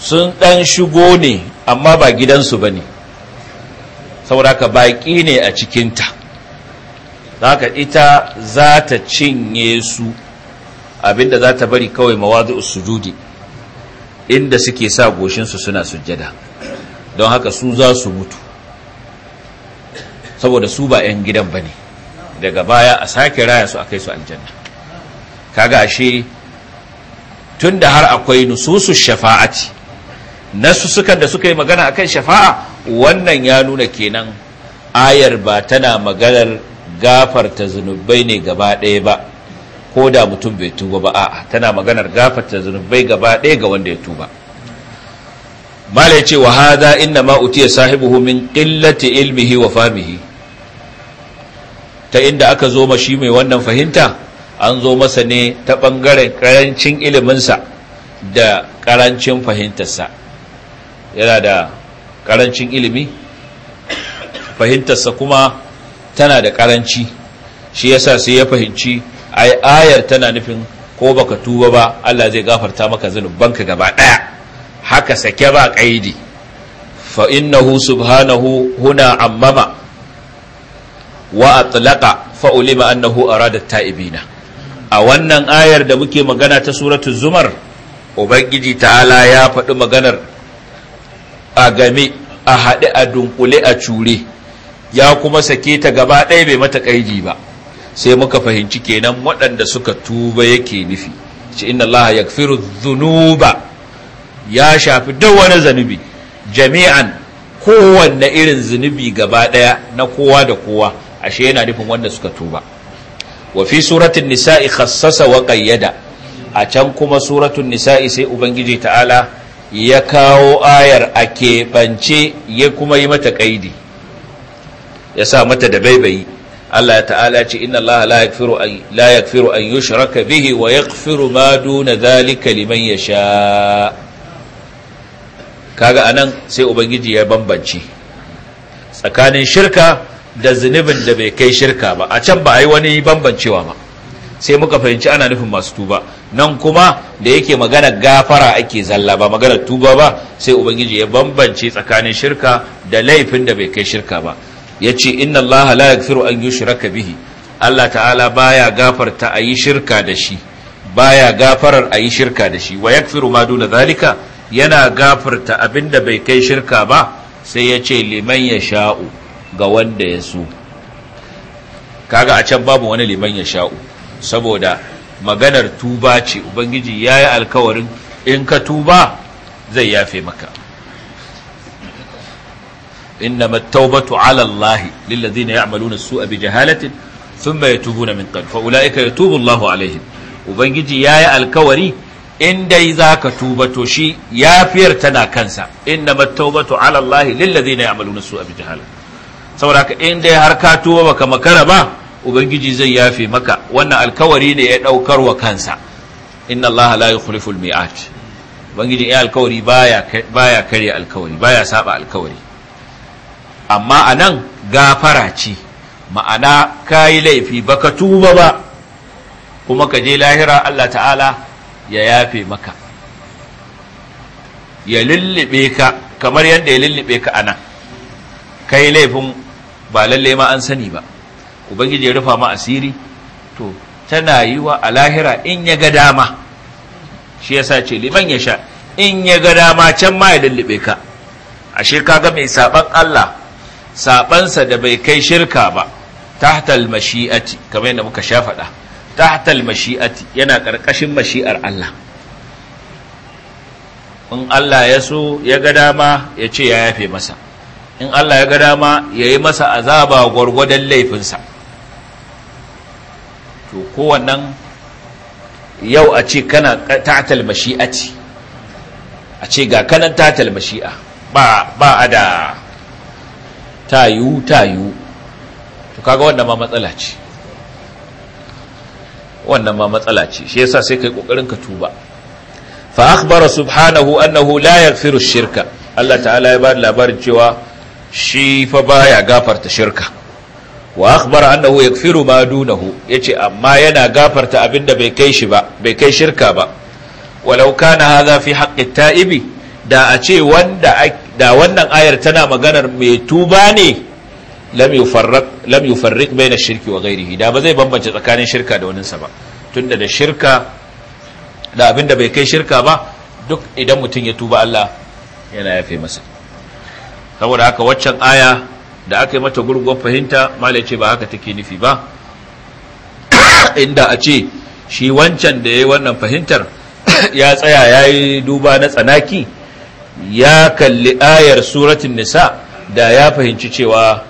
sun ɗan shigo ne amma ba gidansu ba ne saboda ka baƙi ne a cikinta za ka ita za ta cinye su abinda za ta bari kawai mawazu sujudi inda suke sa goshinsu suna sujjada don haka su za su mutu saboda su ba 'yan gidan ba ne daga baya a sake raya su a kai su aljanna kaga ashe tun da har akwai nususu shafa'ati nasu sukan da suka yi magana akan shafa'a wannan ya nuna kenan ayar ba tana maganar gafarta zunubai ne gaba ɗaya ba ko da mutum bai tuba ba a'a tana maganar gafarta zunubai gaba ɗaya ga wanda ya tuba malai ce wa hada inna ma utiya sahibuhu min qillati ilmihi wa fahmihi ta inda aka zo ma shi mai wannan fahimta an zo masa ne ta ɓangaren ƙarancin iliminsa da ƙarancin fahimtarsa yana da ƙarancin ilimi fahimtarsa kuma tana da ƙaranci shi yasa sai ya fahimci ai ayar tana nufin ko baka tuba ba Allah zai gafarta maka zunubanka gaba ɗaya haka sake ba ƙaidi fa innahu subhanahu huna ammama wa atlaqa fa ulima annahu arada ta'ibina a wannan ayar da muke magana ta suratul zumar ubangiji ta'ala ya faɗi maganar a game a haɗe a dunkule a cure ya kuma sake ta gaba ɗaya bai mata ƙaiji ba sai muka fahimci kenan waɗanda suka tuba yake nufi ce inna allaha ya dhunuba ya shafi duk wani zanubi jami'an kowanne irin zunubi gaba ɗaya na kowa da kowa ashe yana nufin wanda suka tuba wa fi suratul nisa'i khassasa wa qayyada a can kuma suratul nisa'i sai ubangiji ta'ala ya kawo ayar a keɓance ya kuma yi mata kaidi ya sa mata da baibayi Allah ta'ala ce inna Allah la yaghfiru an yushraka bihi wa yaghfiru ma duna zalika liman yasha kaga anan sai ubangiji ya bambance tsakanin shirka da zunubin da bai kai shirka ba a can ba a yi wani bambancewa ba sai muka fahimci ana nufin masu tuba nan kuma da yake magana gafara ake zalla ba magana tuba ba sai ubangiji ya bambance tsakanin shirka da laifin da bai kai shirka ba ya ce inna allaha la yaghfiru an yushraka bihi allah ta'ala baya gafarta a yi shirka da shi baya gafarar a yi shirka da shi wa yaghfiru ma duna zalika yana gafarta abinda bai kai shirka ba sai ya ce liman ya sha'u ga wanda ya so ga a can babu wani liman ya sha'u saboda maganar tuba ce ubangiji ya yi alkawarin in ka tuba zai yafe maka inna mattaubatu ala Allahi lillazi na ya'amalu na su abi jihalatin sun bai tubu na min kanfa ula'ika ya tubu Allahu alaihim ubangiji ya yi alkawari in dai za ka tuba to shi yafiyar tana kansa inna mattaubatu ala Allahi lillazi na ya'amalu na su abi jihalatin saboda ka in dai har ka tuba baka makara ba ubangiji zai yafe maka wannan alkawari ne ya daukar wa kansa inna allaha la yukhliful mi'at ubangiji ya alkawari baya baya kare alkawari baya saba alkawari amma anan gafara ce ma'ana kayi laifi baka tuba ba kuma ka je lahira Allah ta'ala ya yafe maka ya lullube ka kamar yadda ya lullube ka anan kai laifin ba lalle ma an sani ba ubangiji ya rufa ma asiri to tana yi wa a lahira in ya ga dama shi sa ce liman ya sha in ya ga dama can ma ya lullube ka ashe ga mai saban Allah sabansa da bai kai shirka ba tahtal mashi'ati kamar yadda muka sha faɗa tahtal mashi'ati yana ƙarƙashin mashi'ar Allah in Allah ya so ya ga dama ya ce ya yafe masa in Allah ya ga dama ya yi masa azaba gwargwadon laifinsa to kowannan yau a ce kana tatal mashi'aci a ce ga kanan tatal mashi'a ba a da tayu tayu to kaga wannan ma matsala ce wannan ma matsala ce shi yasa sai kai kokarin ka tuba fa akhbara subhanahu annahu la yaghfiru shirka Allah ta'ala ya ba da labarin cewa shi fa baya gafarta shirka wa akhbara annahu yaghfiru ma dunahu yace amma yana gafarta abinda bai kai shi ba bai kai shirka ba walau kana hadha fi haqqi ta'ibi da a ce wanda da wannan ayar tana maganar mai tuba ne lam yufarriq lam yufarriq baina shirki wa ghairihi da ba zai bambance tsakanin shirka da waninsa ba tunda da shirka da abinda bai kai shirka ba duk idan mutum ya tuba Allah yana yafe masa saboda haka waccan aya da aka yi mata gurguwar fahimta malai ce ba haka take nufi ba inda a ce shi wancan da ya yi wannan fahimtar ya tsaya ya yi duba na tsanaki ya kalli ayar suratun nisa da ya fahimci cewa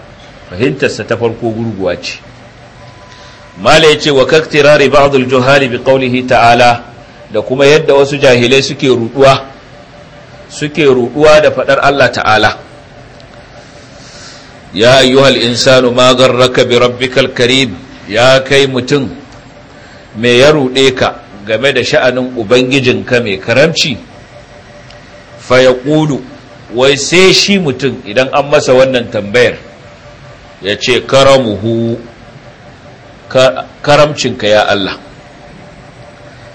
fahimtarsa ta farko gurguwa ce malai ce wa kaktirari ba'dul juhali bi qawlihi ta'ala da kuma yadda wasu jahilai suke ruduwa suke ruduwa da faɗar Allah ta'ala ya ayyuhal insanu ma garraka bi rabbikal karim ya kai mutum me ya ruɗe ka game da sha'anin ubangijin ka mai karamci fa Kulu wai sai shi mutum idan an masa wannan tambayar ya ce karamuhu ka ya Allah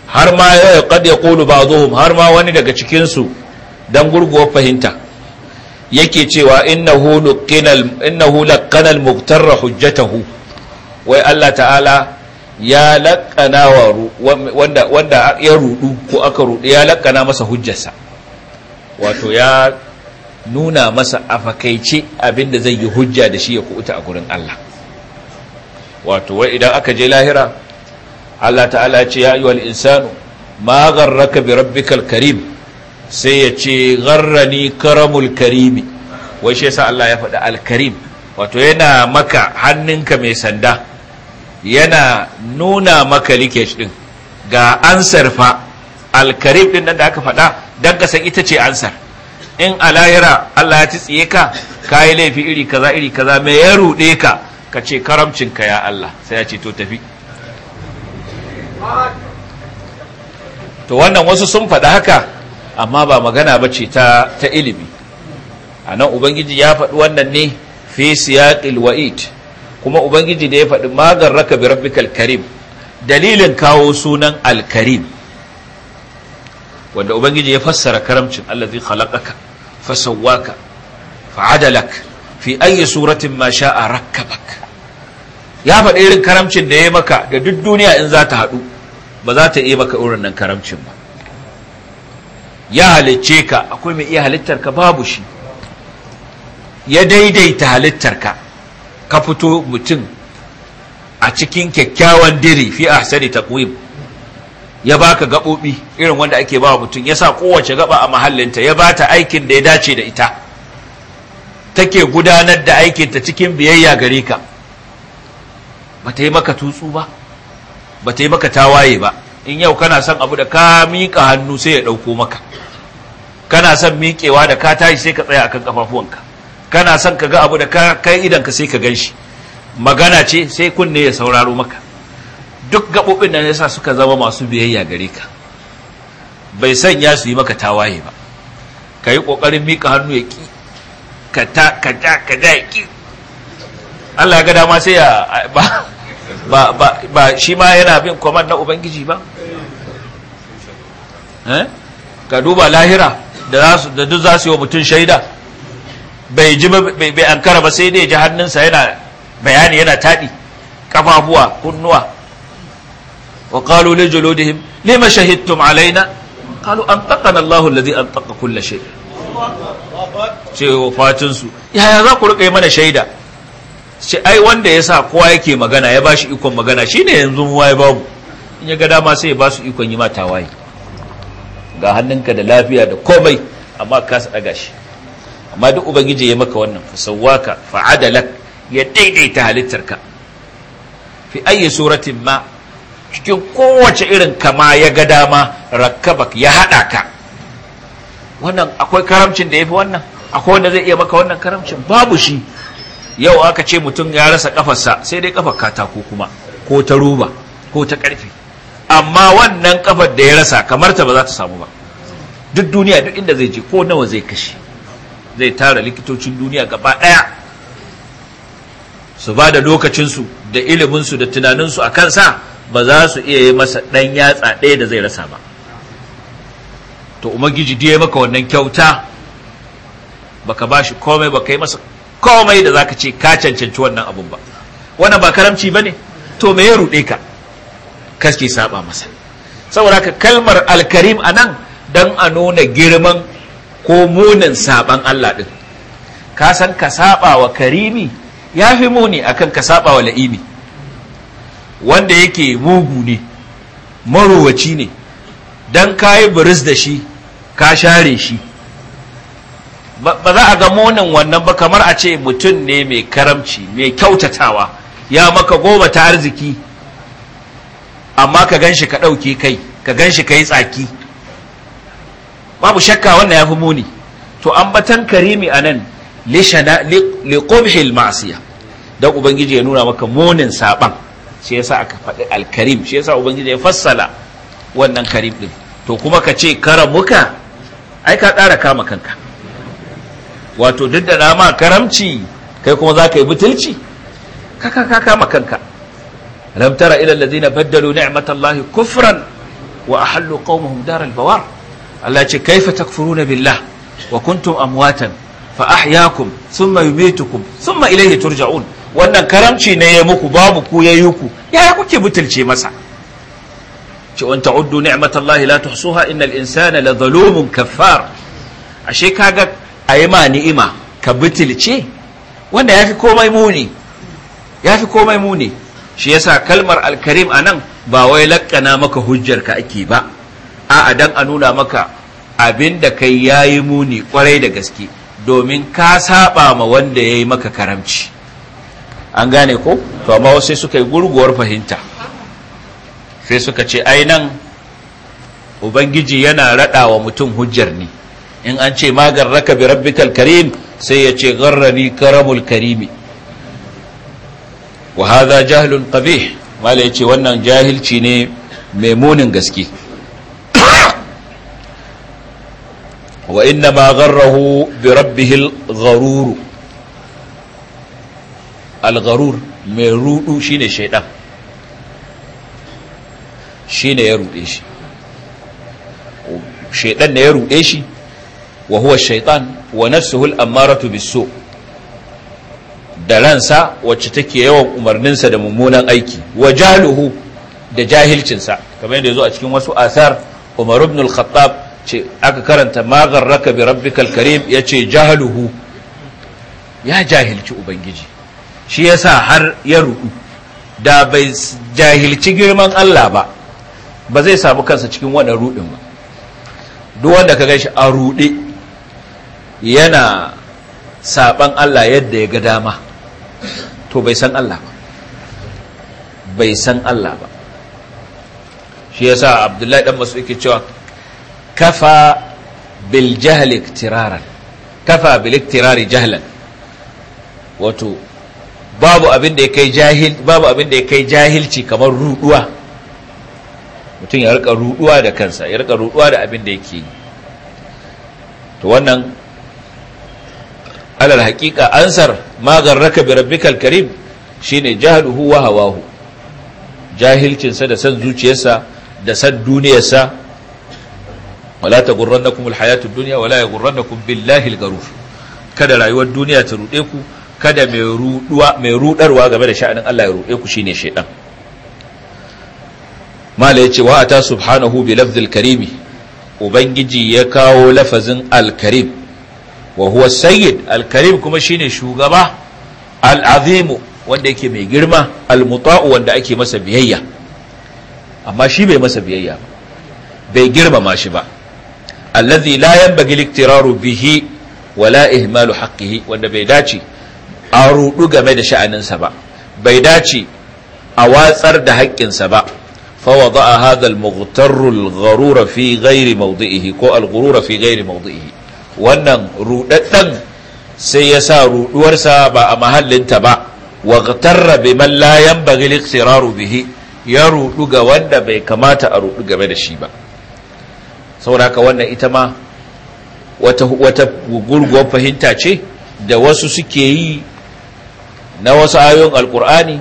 har ma ya kad ya ƙulu har ma wani daga cikinsu don gurguwar fahimta yake cewa innahu luqinal innahu laqanal mubtarra hujjatahu wai Allah ta'ala ya laqana wanda wanda ya rudu ko aka rudu ya laqana masa hujjarsa wato ya nuna masa a fakaice abinda zai yi hujja da shi ya kuuta a gurin Allah wato wai idan aka je lahira Allah ta'ala ya ce ya ayyuhal insanu ma gharraka bi rabbikal karim sai ya ce gharrani karamul karimi wai shi yasa Allah ya faɗi alkarim wato yana maka hannunka mai sanda yana nuna maka likesh din ga ansar fa alkarim din nan da aka faɗa dan ka ita ce ansar in alayira Allah ya tsiye ka ka yi laifi iri kaza iri kaza me ya ruɗe ka ka ce karamcinka ya Allah sai ya ce to tafi to wannan wasu sun faɗa haka amma ba magana ba ce ta ilimi a nan ubangiji ya faɗi wannan ne fi siyaƙil wa'id kuma ubangiji da ya faɗi magar raka bi rabbikal karim dalilin kawo sunan alkarim wanda ubangiji ya fassara karamcin allazi khalaqaka fasawwaka fa'adalak fi ayi suratin ma a rakkabak ya faɗi irin karamcin da ya maka da duk duniya in za ta haɗu ba za ta iya maka irin nan karamcin ba ya halicce ka akwai mai iya halittar ka babu shi ya daidaita halittar ka ka fito mutum a cikin kyakkyawan diri fi Sani taqwim ya baka gabobi irin wanda ake bawa mutum ya sa kowace gaɓa a mahallinta ya ba ta aikin da ya dace da ita take gudanar da aikinta cikin biyayya gare ka ba ta yi maka tutsu ba ba ta yi maka tawaye ba in yau kana son abu da ka miƙa hannu sai ya ɗauko maka kana son miƙewa da ka tashi sai ka tsaya a akan ƙafafuwanka kana son ka ga abu da ka kai idanka sai ka gan shi magana ce sai kunne ya sauraro maka duk gaɓoɓin nan yasa suka zama masu biyayya gare ka bai sanya su yi maka tawaye ba ka yi ƙoƙarin miƙa hannu ya ƙi ka ta ka ta ka ta ya ƙi Allah ga dama sai ya ba ba ba shi ma yana bin kwaman na ubangiji ba Eh? ka duba lahira da duk za su yi wa mutum shaida bai ji bai ankara ba sai dai ji hannunsa yana bayani yana taɗi kafafuwa kunnuwa wa qalu li juludihim lima shahidtum alaina qalu antaqana Allahu alladhi antaqa kull shay ce wafatin su yaya za ku rika mana shaida ce ai wanda ya sa kowa yake magana ya bashi ikon magana shine yanzu mu ya babu in ya ga dama sai ya ba su ikon yi ma tawaye ga hannunka da lafiya da komai amma ka su daga shi amma duk ubangiji ya maka wannan fasawaka fa'adalak ya daidaita halittarka fi ayi suratin ma cikin kowace irin kama ya ga dama rakabak ya hada ka wannan akwai karamcin da yafi wannan akwai wanda zai iya maka wannan karamcin babu shi yau aka ce mutum ya rasa kafarsa sai dai kafar katako kuma ko ta ruba, ko ta karfe amma wannan kafar da ya rasa kamar ta ba za ta samu ba duk duniya duk inda zai je ko nawa zai kashe zai tara likitocin duniya gaba ɗaya su ba da lokacinsu da iliminsu da tunaninsu a kansa ba za su iya yi masa ɗan yatsa ɗaya da zai rasa ba to umagiji diya maka wannan kyauta baka ba shi komai baka yi masa komai da zaka ce ka cancanci wannan abun ba wannan ba karamci bane to me ya rude ka kaske saba masa saboda ka kalmar alkarim anan don a nuna girman ko munin saban Allah ɗin ka san ka saba wa karimi ya fi muni akan ka saba wa la'imi wanda yake mugu ne marowaci ne don ka yi buris da shi ka share shi ba za a ga munin wannan ba kamar a ce mutum ne mai karamci mai kyautatawa ya maka goma ta arziki amma ka gan shi ka ɗauke kai ka gan shi ka yi tsaki babu shakka wannan ya fi muni to ambatan karimi a nan liqubhil ma'asiya dan ubangiji ya nuna maka munin saban shi yasa aka faɗi alkarim shi yasa ubangiji ya fassala wannan karim din to kuma ka ce karamuka ai ka ƙara kama kanka wato duk da nama karamci kai kuma za ka yi butulci ka ka kama kanka lam tara ila allazina baddalu ni'matallahi kufran wa ahallu qaumahum daral bawar Allah ce kaifa takfuruna billah wa kuntum amwatan fa ahyakum thumma yumitukum thumma ilayhi turja'un wannan karamci ne ya muku babu ku yayi ku yaya kuke butulce masa ce wanta uddu ni'matallahi la tuhsuha innal insana la zalumun kaffar ashe kaga ayi ma ni'ima ka butulce wanda yafi komai muni yafi komai muni shi yasa kalmar alkarim anan ba wai lakkana maka hujjarka ake ba a'a dan a nuna maka abin da kai ya yi muni kwarai da gaske domin ka saba ma wanda ya yi maka karamci an gane ko to amma sai suka yi gurguwar fahimta sai suka ce ai nan ubangiji yana rada wa mutum hujjar ne in an ce magar raka bi rabbikal karim sai ya ce gharrani karamul karimi wa hadha jahlun qabih mala yace wannan jahilci ne mai munin gaske wa inna ma gharrahu bi rabbihil gharur al gharur mai rudu shine shaidan shine ya rude shi shaidan ne ya rude shi wa huwa shaitan wa nafsuhu al amaratu bisu da ransa wacce take yawan umarninsa da mummunan aiki wa jaluhu da jahilcinsa kamar yadda ya zo a cikin wasu asar umar ibn al-khattab ce aka karanta magar raka bi rabbikal karim ya ce jahaluhu ya jahilci ubangiji shi ya sa har ya rudu da bai jahilci girman Allah ba ba zai samu kansa cikin wadda rudin ba duk wanda ka gaishe a rude yana saban Allah yadda ya ga dama to bai san Allah ba bai san Allah ba shi ya sa Abdullahi dan masu yake cewa kafa bil jahli iktiraran kafa bil iktirari jahlan wato babu abin da ya kai jahil babu abin da ya kai jahilci kamar ruduwa mutum ya rika ruduwa da kansa ya rika ruduwa da abin da yake yi to wannan alal haqiqa ansar ma raka bi rabbikal karim shine jahluhu wa hawahu jahilcinsa da san zuciyarsa da san duniyarsa wala taghurrannakum alhayatud duniya wala yaghurrannakum billahi algharur kada rayuwar duniya ta rude ku kada mai ruɗarwa mai game da sha'anin Allah ya rude ku shine shaytan mala yace wa ata subhanahu bi karimi ubangiji ya kawo lafazin alkarim wa huwa sayyid alkarim kuma shine shugaba al'azim wanda yake mai girma almuta'u wanda ake masa biyayya amma shi bai masa biyayya bai girmama shi ba allazi la yanbaghi liktiraru bihi wala ihmalu haqqihi wanda bai dace a rudu game da sha'aninsa ba bai dace a watsar da haƙƙinsa ba fa wada'a hadha al-mughtar al-gharur fi ghairi mawdi'ihi ko al-ghurur fi ghairi mawdi'ihi wannan rudaddan sai ya sa ruduwarsa ba a mahallinta ba waghtarra biman la yanbaghi liktiraru bihi ya rudu ga wanda bai kamata a rudu game da shi ba sauraka wannan ita ma wata wata gurguwar fahimta ce da wasu suke yi na wasu ayoyin alkur'ani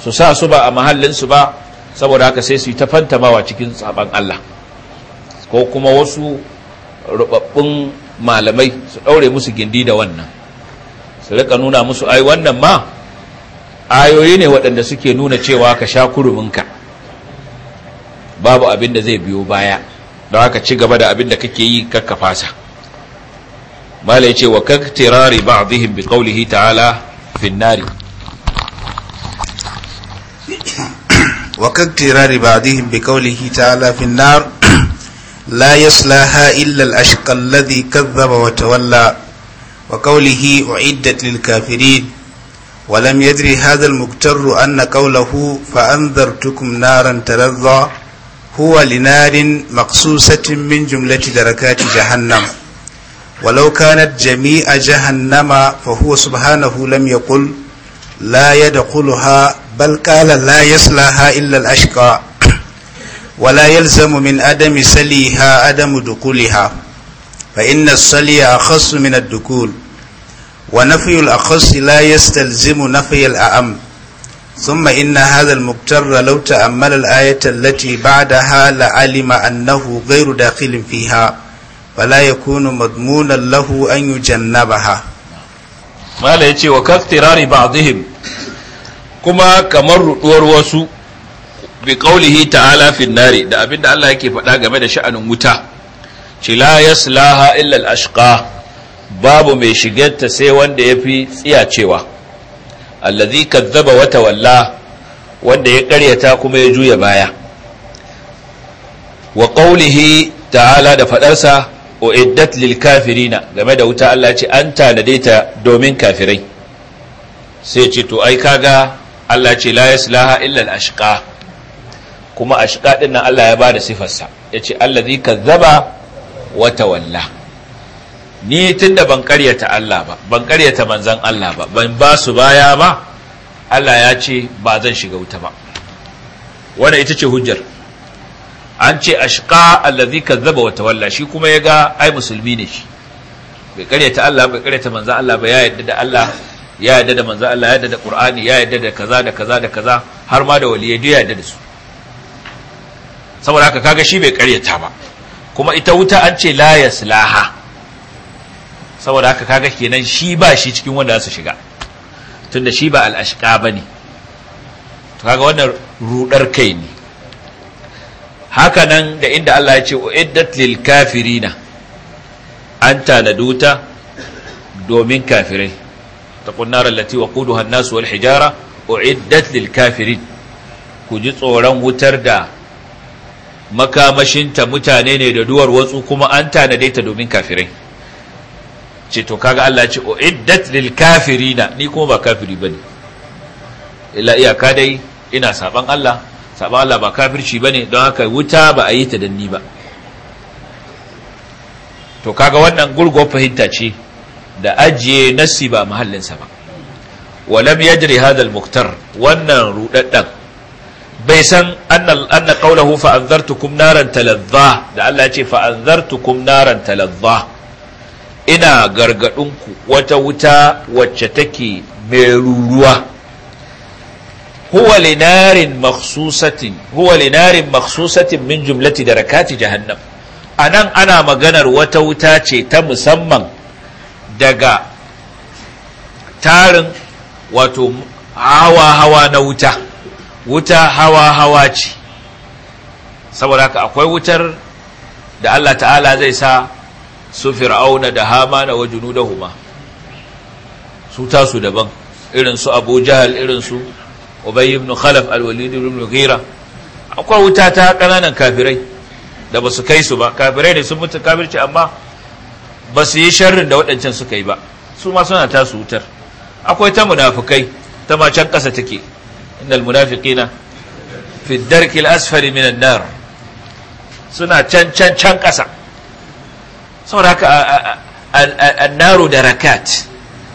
su sa su ba a mahallinsu ba saboda haka sai su yi ta fantamawa cikin tsaban Allah ko kuma wasu rubabbun malamai su ɗaure musu gindi da wannan su rika nuna musu ai wannan ma ayoyi ne waɗanda suke nuna cewa ka sha kuruminka babu abin da zai biyo baya da aka ci gaba da abin da kake yi kakka fasa mala ce wa kak ba ba'dihim bi qawlihi ta'ala fi an-nari wa ba ba'dihim bi qawlihi ta'ala fi an-nar la yaslaha illa al-ashqa alladhi kadhaba wa tawalla wa qawlihi uiddat lil kafirin ولم يدري هذا المكتر أن قوله فأنذرتكم نارا تلظى هو لنار مقصوصة من جملة دركات جهنم ولو كانت جميع جهنم فهو سبحانه لم يقل لا يدخلها بل قال لا يصلها إلا الأشقى ولا يلزم من عدم سليها عدم دخولها فإن السلي أخص من الدخول ونفي الأخص لا يستلزم نفي الأعم ثم إن هذا المبتر لو تأمل الآية التي بعدها لعلم أنه غير داخل فيها فلا يكون مضمونا له أن يجنبها ما لا يتي وكاكترار بعضهم كما كمر وروسو بقوله تعالى في النار da abin da Allah yake faɗa game da sha'anin wuta ci la yaslaha illa al-ashqa babu mai shigarta sai wanda yafi tsiyacewa cewa allazi kazzaba wa tawalla wanda ya karyata kuma ya juya baya wa qawlihi ta'ala da fadarsa uiddat lil kafirina game da wuta Allah ce an tanade ta domin kafirai sai ce to ai kaga Allah ce la yaslaha illa al ashqa kuma ashqa din nan Allah ya bada sifarsa yace allazi kazzaba wa tawalla ni tunda ban karyata Allah ba ban karyata manzan Allah ba ban ba su baya ba Allah ya ce ba zan shiga wuta ba wannan ita ce hujjar an ce ashqa allazi kazzaba wa tawalla shi kuma ya ga ai musulmi ne shi bai karyata Allah bai karyata manzan Allah ba ya yadda da Allah ya yadda da manzan Allah ya yadda da Qur'ani ya yadda da kaza da kaza da kaza har ma da waliyai duk ya yadda da su saboda haka kaga shi bai karyata ba kuma ita wuta an ce la yaslaha saboda haka kaga kenan shi ba shi cikin wanda za su shiga tunda shi ba al'ashqa bane to kaga wannan rudar kai ne haka nan da inda Allah ya ce uiddat lil kafirina an tanaduta domin kafirai Ta kunnar allati waquduha an-nas wal hijara uiddat lil kafirin ku ji tsoron wutar da makamashinta mutane ne da duwar watsu kuma an tanade ta domin kafirai ce to kaga Allah ce o iddat lil kafirina ni kuma ba kafiri bane illa iyaka dai ina saban Allah saban Allah ba kafirci bane don haka wuta ba a yi ta danni ba to kaga wannan gurgo fahimta ce da ajiye nasi ba sa ba walam yajri hadha al wannan rudaddan bai san anna qawluhu fa anzartukum naran taladha da Allah ya ce fa anzartukum naran ina ku wata wuta wacce take mai ruruwa huwa linarin makhsusatin huwa linarin makhsusatin min jumlati darakati jahannam anan ana maganar wata wuta ce ta musamman daga tarin wato hawa-hawa na wuta wuta hawa-hawa ce saboda haka akwai wutar da Allah ta'ala zai sa su fir'auna da hamana wa junudahuma su tasu daban irin su abu jahal irin su ubay ibn khalaf al-walid ibn mughira akwai wuta ta kananan kafirai da basu kai su ba kafirai ne sun mutu kafirci amma ba su yi sharrin da waɗancan suka yi ba su ma suna tasu wutar akwai ta munafikai ta ma can ƙasa take innal munafiqina fi darkil asfali minan nar suna can can can ƙasa saboda haka annaru da rakat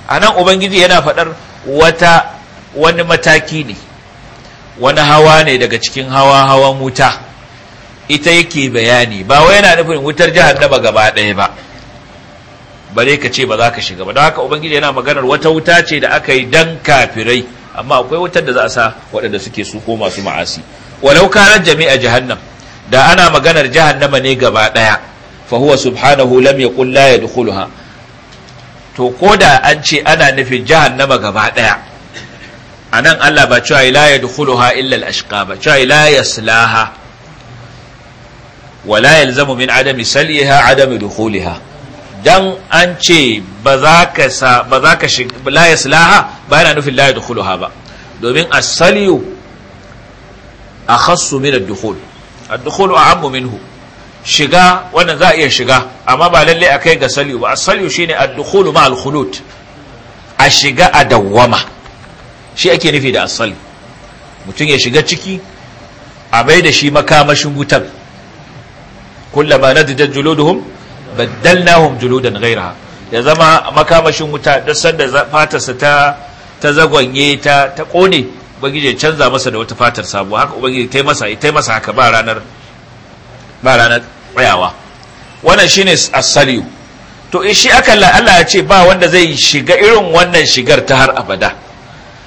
a nan ubangiji yana faɗar wata wani mataki ne wani hawa ne daga cikin hawa hawa muta ita yake bayani ba wai yana nufin wutar jahannama gaba ɗaya ba bare ka ce ba za ka shiga ba don haka ubangiji yana maganar wata wuta ce da aka yi dan kafirai amma akwai wutar da za a sa waɗanda suke su ko masu ma'asi walau karar jami'a jahannam da ana maganar jahannama ne gaba ɗaya fa huwa subhanahu lam yaqul la yadkhuluha to da an ce ana nufin jahannama gaba daya nan Allah ba cewa la ha illa al-ashqa ba cewa la yaslaha wa la yalzamu min adami saliha adam dukhuliha dan an ce ba za ka sa ba za ka shiga la yaslaha ba yana nufin la ha ba domin as-saliyu akhassu min ad-dukhul ad-dukhulu a'ammu minhu shiga wannan za a iya shiga amma ba lalle a kai ga salyu ba salyu shine ad-dukhulu ma al a shiga a dawwama shi ake nufi da asali mutum ya shiga ciki a bai da shi makamashin wutar kullama nadidat juluduhum baddalnahum juludan ghayraha ya zama makamashin wuta da sanda fatarsa ta ta zagwanye ta ta kone ubangiji ya canza masa da wata fatar sabuwa haka ubangiji ta masa ta masa haka ba ranar ba ranar tsayawa wannan shi shine asaliyu to shi aka Allah ya ce ba wanda zai shiga irin wannan shigar ta har abada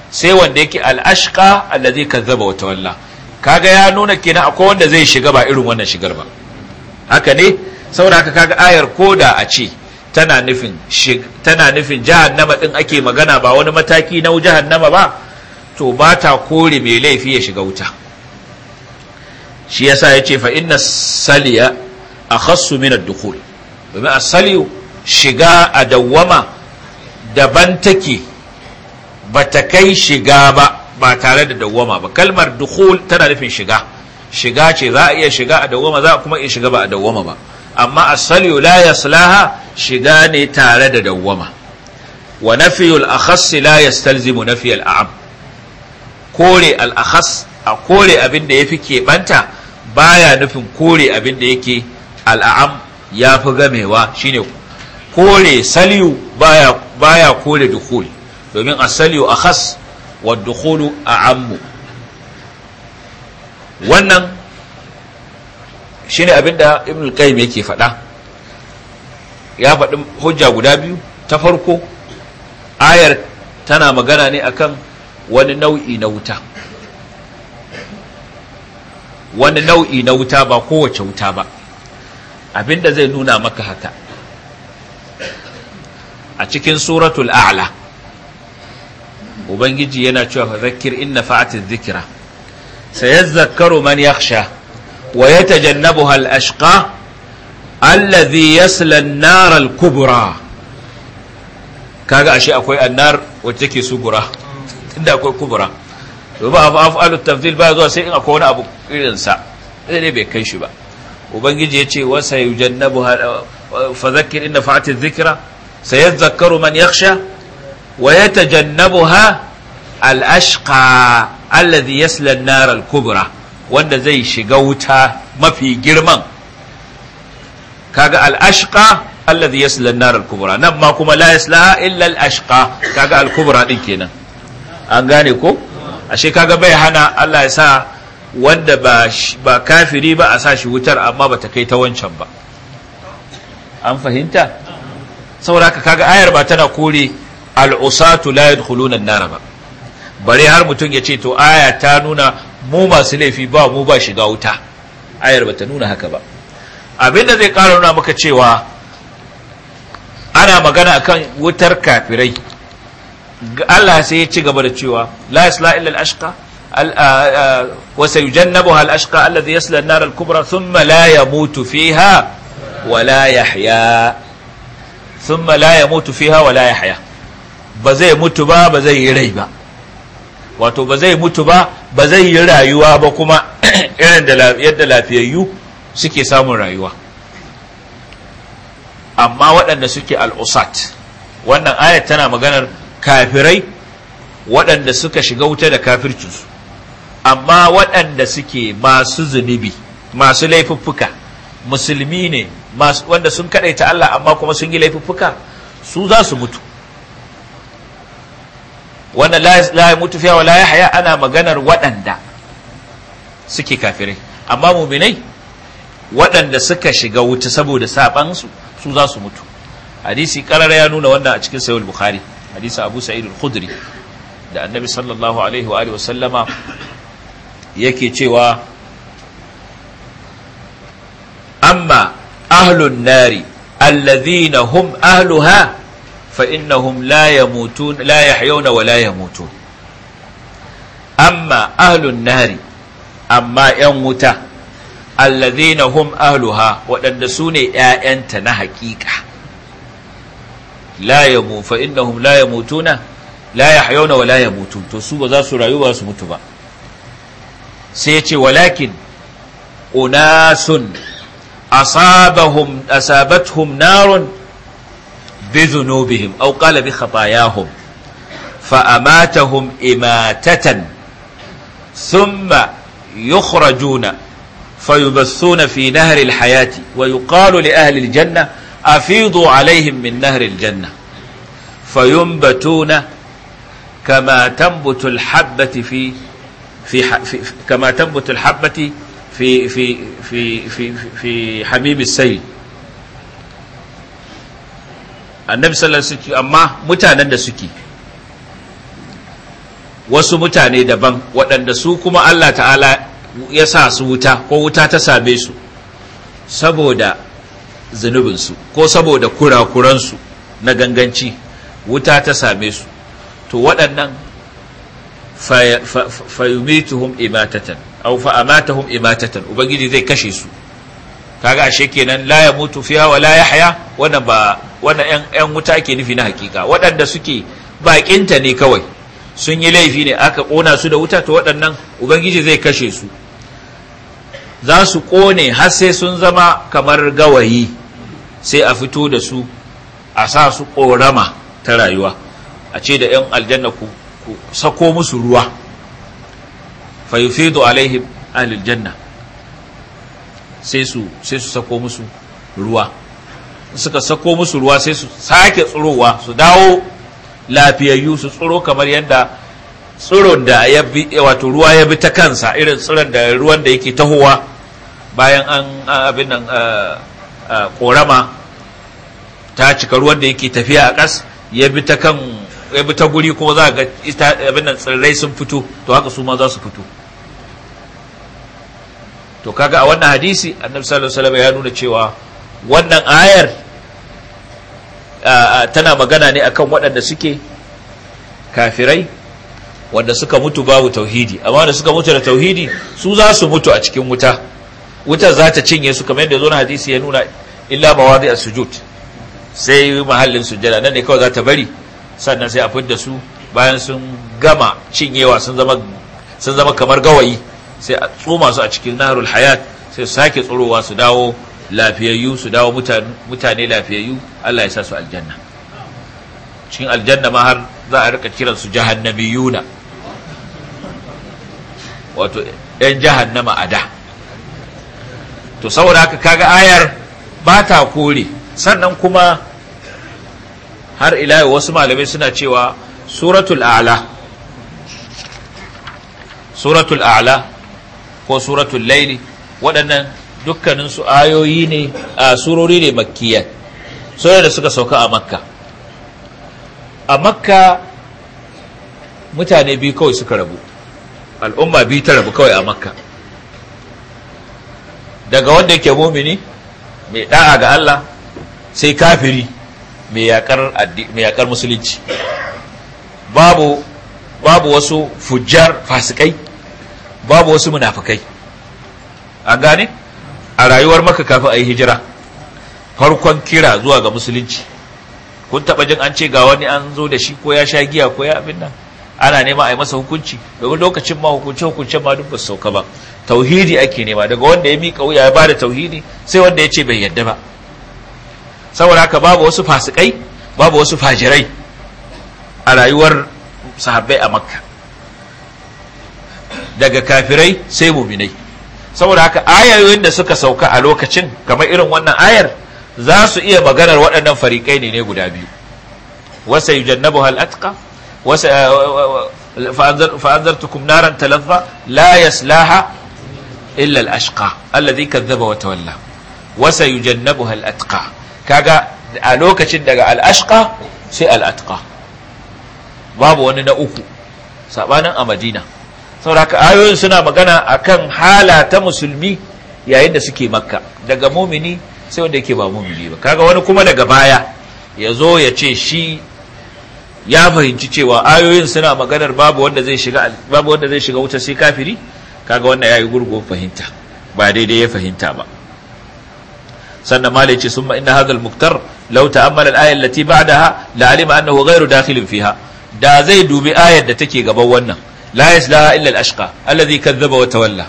sai wanda yake al'ashka allazi kazzaba wa tawalla kaga ya nuna kenan akwai wanda zai shiga ba irin wannan shigar ba haka ne saboda haka kaga ayar ko da a ce tana nufin jihar nama jahannama din ake magana ba wani mataki na jihar nama ba to ba ta kore mai laifi ya shiga wuta shi yasa yace fa inna saliya akhassu min ad-dukhul domin a saliyu shiga a dawwama daban take bata kai shiga ba ba tare da dawwama ba kalmar dukul tana nufin shiga shiga ce za a iya shiga a dawwama za a kuma iya shiga ba a dawwama ba amma a saliyu la yaslaha shiga ne tare da dawwama wa nafiyul akhass la yastalzimu nafiyal a'am kore al-akhas a kore abin da ya fi keɓanta baya nufin kore abin da yake al'am ya fi gamewa shine kore saliyu baya baya kore dukhul domin as-saliyu akhas wa dukhulu a'ammu wannan shine abin da ibn al-qayyim yake faɗa ya faɗi hujja guda biyu ta farko ayar tana magana ne akan wani nau'i na wuta wani nau'i na wuta ba kowace wuta ba abinda zai nuna maka haka a cikin suratul a'la ubangiji yana cewa zakir inna fa'atiz zikra Zakaru man yakhsha wa tajannabu al-ashqa alladhi yasla an-nar al-kubra kaga ashe akwai annar wacce take sugura tunda akwai kubra to ba a af'alut tafdil ba zuwa sai in a wani abu irin sa sai dai bai kai shi ba ubangiji yace wa sayujannabu fa dhakkir inna fa'ati dhikra Zakaru man yakhsha wa yatajannabuha al-ashqa alladhi yasla an-nar al-kubra wanda zai shiga wuta mafi girman kaga al-ashqa alladhi yasla an al-kubra nan ma kuma la yaslaha illa al-ashqa kaga al-kubra din kenan an gane ko ashe kaga bai hana Allah ya sa wanda ba kafiri ba a sa shi wutar amma ba ta kai ta wancan ba an fahimta saboda ka kaga ayar ba tana kore al'usatu la yadkhuluna an-nar ba bare har mutum ya ce to aya ta nuna mu masu laifi ba mu ba shiga wuta ayar ba ta nuna haka ba abinda zai ƙara nuna maka cewa ana magana akan wutar kafirai Allah sai ya ci gaba da cewa la yasla illa al-ashqa wa sayujannabuha al-ashqa alladhi yasla an-nar al-kubra thumma la yamutu fiha wa la yahya thumma la yamutu fiha wa la yahya ba zai mutu ba ba zai yi rai ba wato ba zai mutu ba ba zai yi rayuwa ba kuma irin da yadda lafiyayyu suke samun rayuwa amma waɗanda suke al'usat wannan ayat tana maganar kafirai waɗanda suka shiga wuta da kafircinsu amma waɗanda suke masu zunubi masu laifuffuka musulmi ne wanda sun kaɗaita Allah amma kuma sun yi laifuffuka su za su mutu wannan la mutu fiya wa la haya ana maganar waɗanda suke kafirai amma muminai waɗanda suka shiga wuta saboda saɓansu su za su mutu hadisi ƙarar ya nuna wannan a cikin sayul bukhari hadisi abu sa'id al-khudri da annabi sallallahu alaihi wa alihi wa sallama yake cewa amma ahlun nari alladhina hum ahluha fa innahum la yamutun la yahyawna wa la yamutun amma ahlun nari amma yan wuta alladhina hum ahluha waɗanda sune ‘ya'yanta na haƙiƙa la yamu fa innahum la yamutuna la wa la yamutun to su ba za su rayu ba su mutu ba sai ya ce walakin unasun narun asabatuhum narun bi dhunubihim aw qala bi hum. fa amatahum imatatan thumma yukhrajuna fayubassuna fi nahri hayati wa yuqalu li ahli aljanna afidu alaihim min nahril janna fayumbatuna kama tambutu alhabbati fi fi kama tambutu alhabbati fi fi fi fi fi habib sayl annabi sallallahu alaihi wasallam amma mutanen da suke wasu mutane daban waɗanda su kuma Allah ta'ala ya sa su wuta ko wuta ta same su saboda zunubinsu ko saboda kurakuransu na ganganci wuta ta same su to waɗannan fayumituhum imatatan aw amatahum imatatan ubangiji zai kashe su kaga ashe kenan la yamutu fiha wa la yahya wannan ba wannan yan yan wuta ke nufi na hakika waɗanda suke bakinta ne kawai sun yi laifi ne aka kona su da wuta to waɗannan ubangiji zai kashe su za su ƙone har sai sun zama kamar gawayi sai a fito da su a sa su ƙorama ta rayuwa a ce da 'yan aljanna ku sako musu ruwa fayufidu alaihim aljanna sai su sai sako musu ruwa suka sako musu ruwa sai su sake tsirowa su dawo lafiyayyu su tsiro kamar yadda tsiron da ya bi wato ruwa ya bi ta kansa irin tsiron da ruwan da yake tahowa bayan an abin nan korama ta cika ruwan da yake tafiya a kas ya bi ta kan ya bi ta guri kuma za ga abin nan tsirrai sun fito to haka su ma za su fito to kaga a wannan hadisi annabi sallallahu alaihi wasallam ya nuna cewa wannan ayar tana magana ne akan waɗanda suke kafirai wanda suka mutu babu tauhidi amma da suka mutu da tauhidi su za su mutu a cikin wuta Wuta za ta cinye su kamar yadda zo na hadisi ya nuna illa mawadi a sujud sai mahallin sujada nan ne kawai za ta bari sannan sai a fidda su bayan sun gama cinyewa sun zama sun zama kamar gawayi sai a tsoma su a cikin naharul hayat sai su sake tsorowa su dawo lafiyayyu su dawo mutane lafiyayyu Allah ya sa su aljanna cikin aljanna ma har za a rika kiransu jahannamiyuna wato ‘yan jahannama a da to saboda haka kaga ayar ba ta kore sannan kuma har ila wasu malamai suna cewa suratul a'la suratul a'la ko suratul laili waɗannan dukkaninsu ayoyi ne a surori ne makkiyar sau da suka sauka a makka a makka mutane biyu kawai suka rabu al'umma biyu ta rabu kawai a makka daga wanda yake mumini mai da'a ga Allah sai kafiri mai yakar musulunci babu babu wasu fujjar fasikai babu wasu munafikai an gane a rayuwar maka kafin a yi hijira farkon kira zuwa ga musulunci kun taɓa jin an ce ga wani an zo da shi ko ya sha giya ko ya abin nan ana nema a yi masa hukunci domin lokacin ma hukunce hukunce ma duk ba sauka ba tauhidi ake nema daga wanda ya miƙa wuya ya bada tauhidi sai wanda ya ce bai yadda ba saboda haka babu wasu fasikai babu wasu fajirai a rayuwar sahabbai a makka daga kafirai sai muminai saboda haka ayoyin da suka sauka a lokacin kamar irin wannan ayar za su iya maganar waɗannan fariƙai ne ne guda biyu wasa yujannabu hal atqa fa'azartukum naran talazza la yaslaha illa al-ashqa alladhi kadhaba wa tawalla wa sayujannabuha al-atqa kaga a lokacin daga al-ashqa sai al babu wani na uku sabanin a Madina saboda ayoyin suna magana akan hala ta musulmi yayin da suke makka daga mumini sai wanda yake ba mumini ba kaga wani kuma daga baya ya zo ya ce shi ya fahimci cewa ayoyin suna maganar babu wanda zai shiga babu wanda zai shiga wuta sai kafiri kaga wannan yayi gurgun fahimta ba daidai ya fahimta ba sannan mala yace summa inna hadha al-muktar law ta'ammala al-aya allati ba'daha la alima annahu ghayru dakhilin fiha da zai dubi ayar da take gaban wannan la yaslaha illa al-ashqa alladhi kadhaba wa tawalla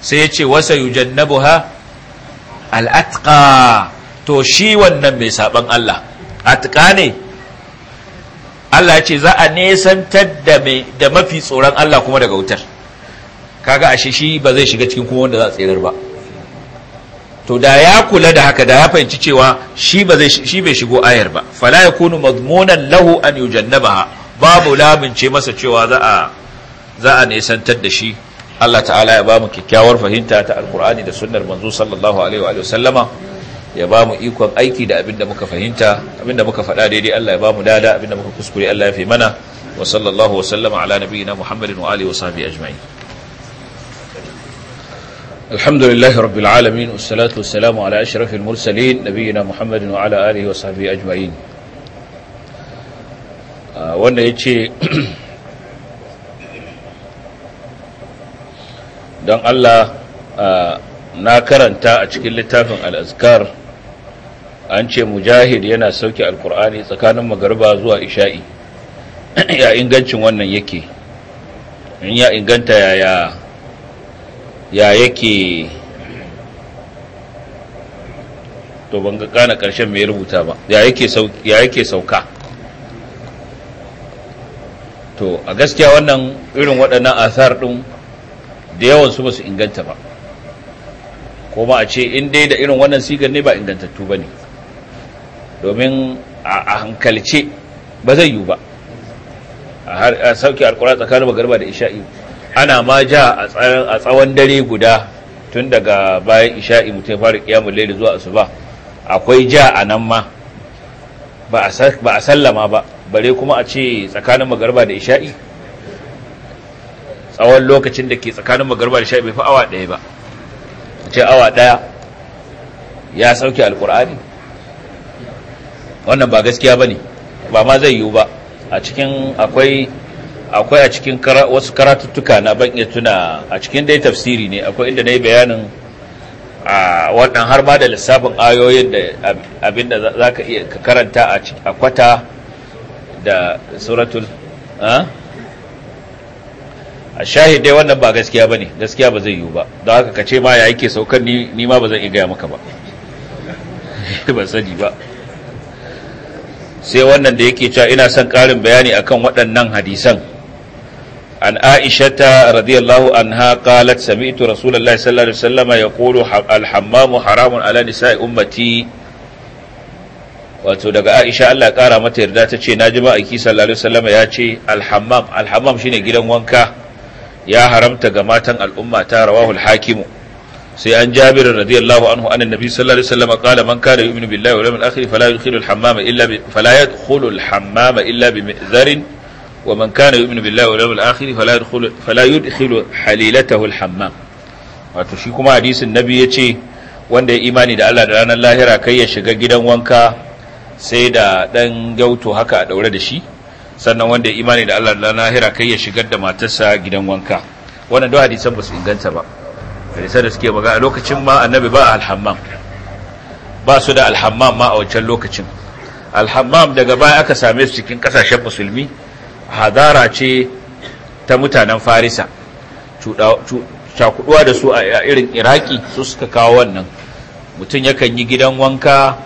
sai yace wa sayujannabuha al-atqa to shi wannan mai saban Allah atqa ne Allah ce za a nesantar da da mafi tsoron Allah kuma daga wutar kaga ashe shi ba zai shiga cikin kuma wanda za a tsirar ba to da ya kula da haka da ya fahimci cewa shi ba zai shi bai shigo ayar ba fala yakunu madmunan lahu an yujannabaha babu lamince masa cewa za a za a nesantar da shi Allah ta'ala ya ba mu kyakkyawar fahimta ta alkur'ani da sunnar manzo sallallahu alaihi wa sallama ya ba mu ikon aiki da abinda muka fahimta abinda muka faɗa daidai Allah ya ba mu dada abinda muka kuskure Allah ya fi mana wa sallallahu wa sallama ala nabiyyina Muhammadin wa alihi wa sahbihi ajma'in alhamdulillahi rabbil alamin wassalatu wassalamu ala ashrafil mursalin nabiyyina Muhammadin wa ala alihi wa sahbihi ajma'in ah, wanda yace don Allah ah, na karanta a cikin littafin al-azkar an ce mujahid yana sauke alkur'ani tsakanin magarba zuwa isha'i ya ingancin wannan yake in ya inganta yaya ya yake to ban ga kana karshen mai rubuta ba ya yake sauka to a gaskiya wannan irin waɗannan asar ɗin da yawan su su inganta ba kuma a ce in dai da irin wannan sigar ne ba ingantattu ba ne domin a hankalce ba zai yiwu ba a sauki alkura tsakanin magarba da isha'i ana ma ja a tsawon dare guda tun daga bayan isha'i mutum ya fara kiyamun laili zuwa asuba akwai ja a nan ma ba a sallama ba bare kuma a ce tsakanin magarba da isha'i tsawon lokacin da ke tsakanin magarba da isha'i bai fi awa ɗaya ba ce awa ɗaya ya sauke alkur'ani wannan ba gaskiya ba ne ba ma zai yiwu ba a cikin akwai akwai a cikin wasu karatuttuka na ban iya tuna a cikin dai tafsiri ne akwai inda na yi bayanin a wannan har ma da lissafin ayoyin da abin da za ka iya karanta a kwata da suratul a shahid dai wannan ba gaskiya ba ne gaskiya ba zai yiwu ba don haka ka ce ma ya yake saukar ni ma ba zan iya gaya maka ba ba sani ba sai wannan da yake cewa ina son ƙarin bayani akan waɗannan hadisan an aishata radiyallahu anha qalat sami'tu rasulullahi sallallahu alaihi wasallam yaqulu al-hammamu haramun ala nisa'i ummati wato daga Aisha Allah ƙara mata yarda ta ce naji ba aiki sallallahu alaihi wasallam ya ce al-hammam al-hammam shine gidan wanka ya haramta ga matan al'umma ta rawahu al-hakimu sai an jabir radiyallahu anhu anan nabi sallallahu alaihi wasallam qala man kana yu'minu billahi wal yawmil akhir fala yadkhulu al-hammama illa bi fala yadkhulu al-hammama illa bi mi'zarin wa man kana yu'minu billahi wal yawmil akhir fala yadkhulu fala yadkhulu halilatahu al-hammam wato shi kuma hadisin nabi yace wanda ya imani da Allah da ranar lahira kai ya shiga gidan wanka sai da dan gauto haka a daure da shi sannan wanda ya imani da Allah da ranar lahira kai ya shigar da matarsa gidan wanka wannan duk hadisan ba su inganta ba hadisai da suke a lokacin ma annabi ba a alhammam ba su da alhammam ma a wancan lokacin alhammam daga baya aka same su cikin kasashen musulmi hadara ce ta mutanen farisa cakuduwa da su a irin iraki su suka kawo wannan mutum yakan yi gidan wanka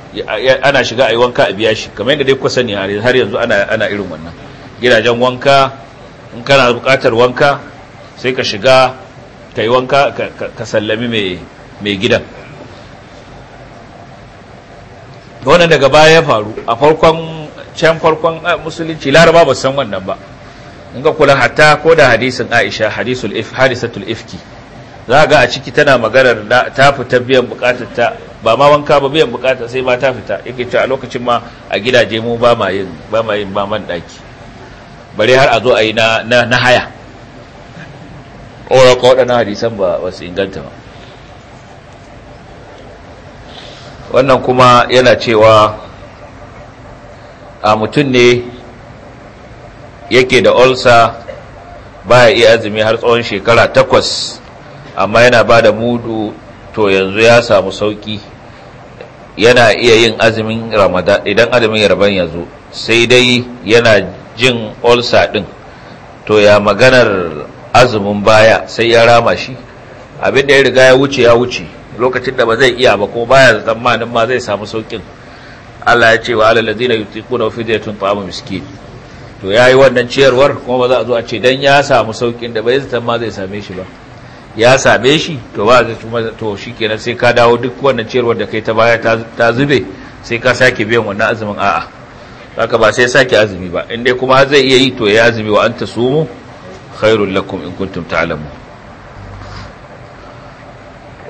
ana shiga a yi wanka a biya shi kamar yadda dai kuka sani har yanzu ana irin wannan gidajen wanka in kana bukatar wanka sai ka shiga ka yi wanka ka sallami mai gidan wannan daga baya ya faru a farkon can farkon musulunci laraba ba san wannan ba in ga kula hatta ko da hadisin aisha hadisul if hadisatul ifki za ga a ciki tana maganar ta fita biyan bukatar ta ba ma wanka ba biyan bukatar sai ma ta fita yake cewa a lokacin ma a gidaje mu ba ma yin ba man daki bare har a zo a yi na na haya ƙorar waɗannan hadisan ba wasu inganta ba wannan kuma yana cewa a mutum ne yake da olsa baya iya azumi har tsawon shekara takwas amma yana ba da mudu to yanzu ya samu sauki yana iya yin azumin ramadan idan azumin yarban ya zo sai dai yana jin olsa ɗin, to ya maganar azumin baya sai ya rama shi abin da ya riga ya wuce ya wuce lokacin da ba zai iya ba kuma baya tsammanin ma zai samu saukin Allah ya ce wa alal ladina yutiquna fidyatun ta'amu miskin to yayi wannan ciyarwar kuma ba za a zo a ce dan ya samu saukin da bai zata ma zai same shi ba ya same shi to ba zai kuma to shikenan sai ka dawo duk wannan ciyarwar da kai ta baya ta zube sai ka sake biyan wannan azumin a'a haka ba sai sake azumi ba in dai kuma zai iya yi to ya azumi wa anta sumu خير لكم in كنتم تعلمون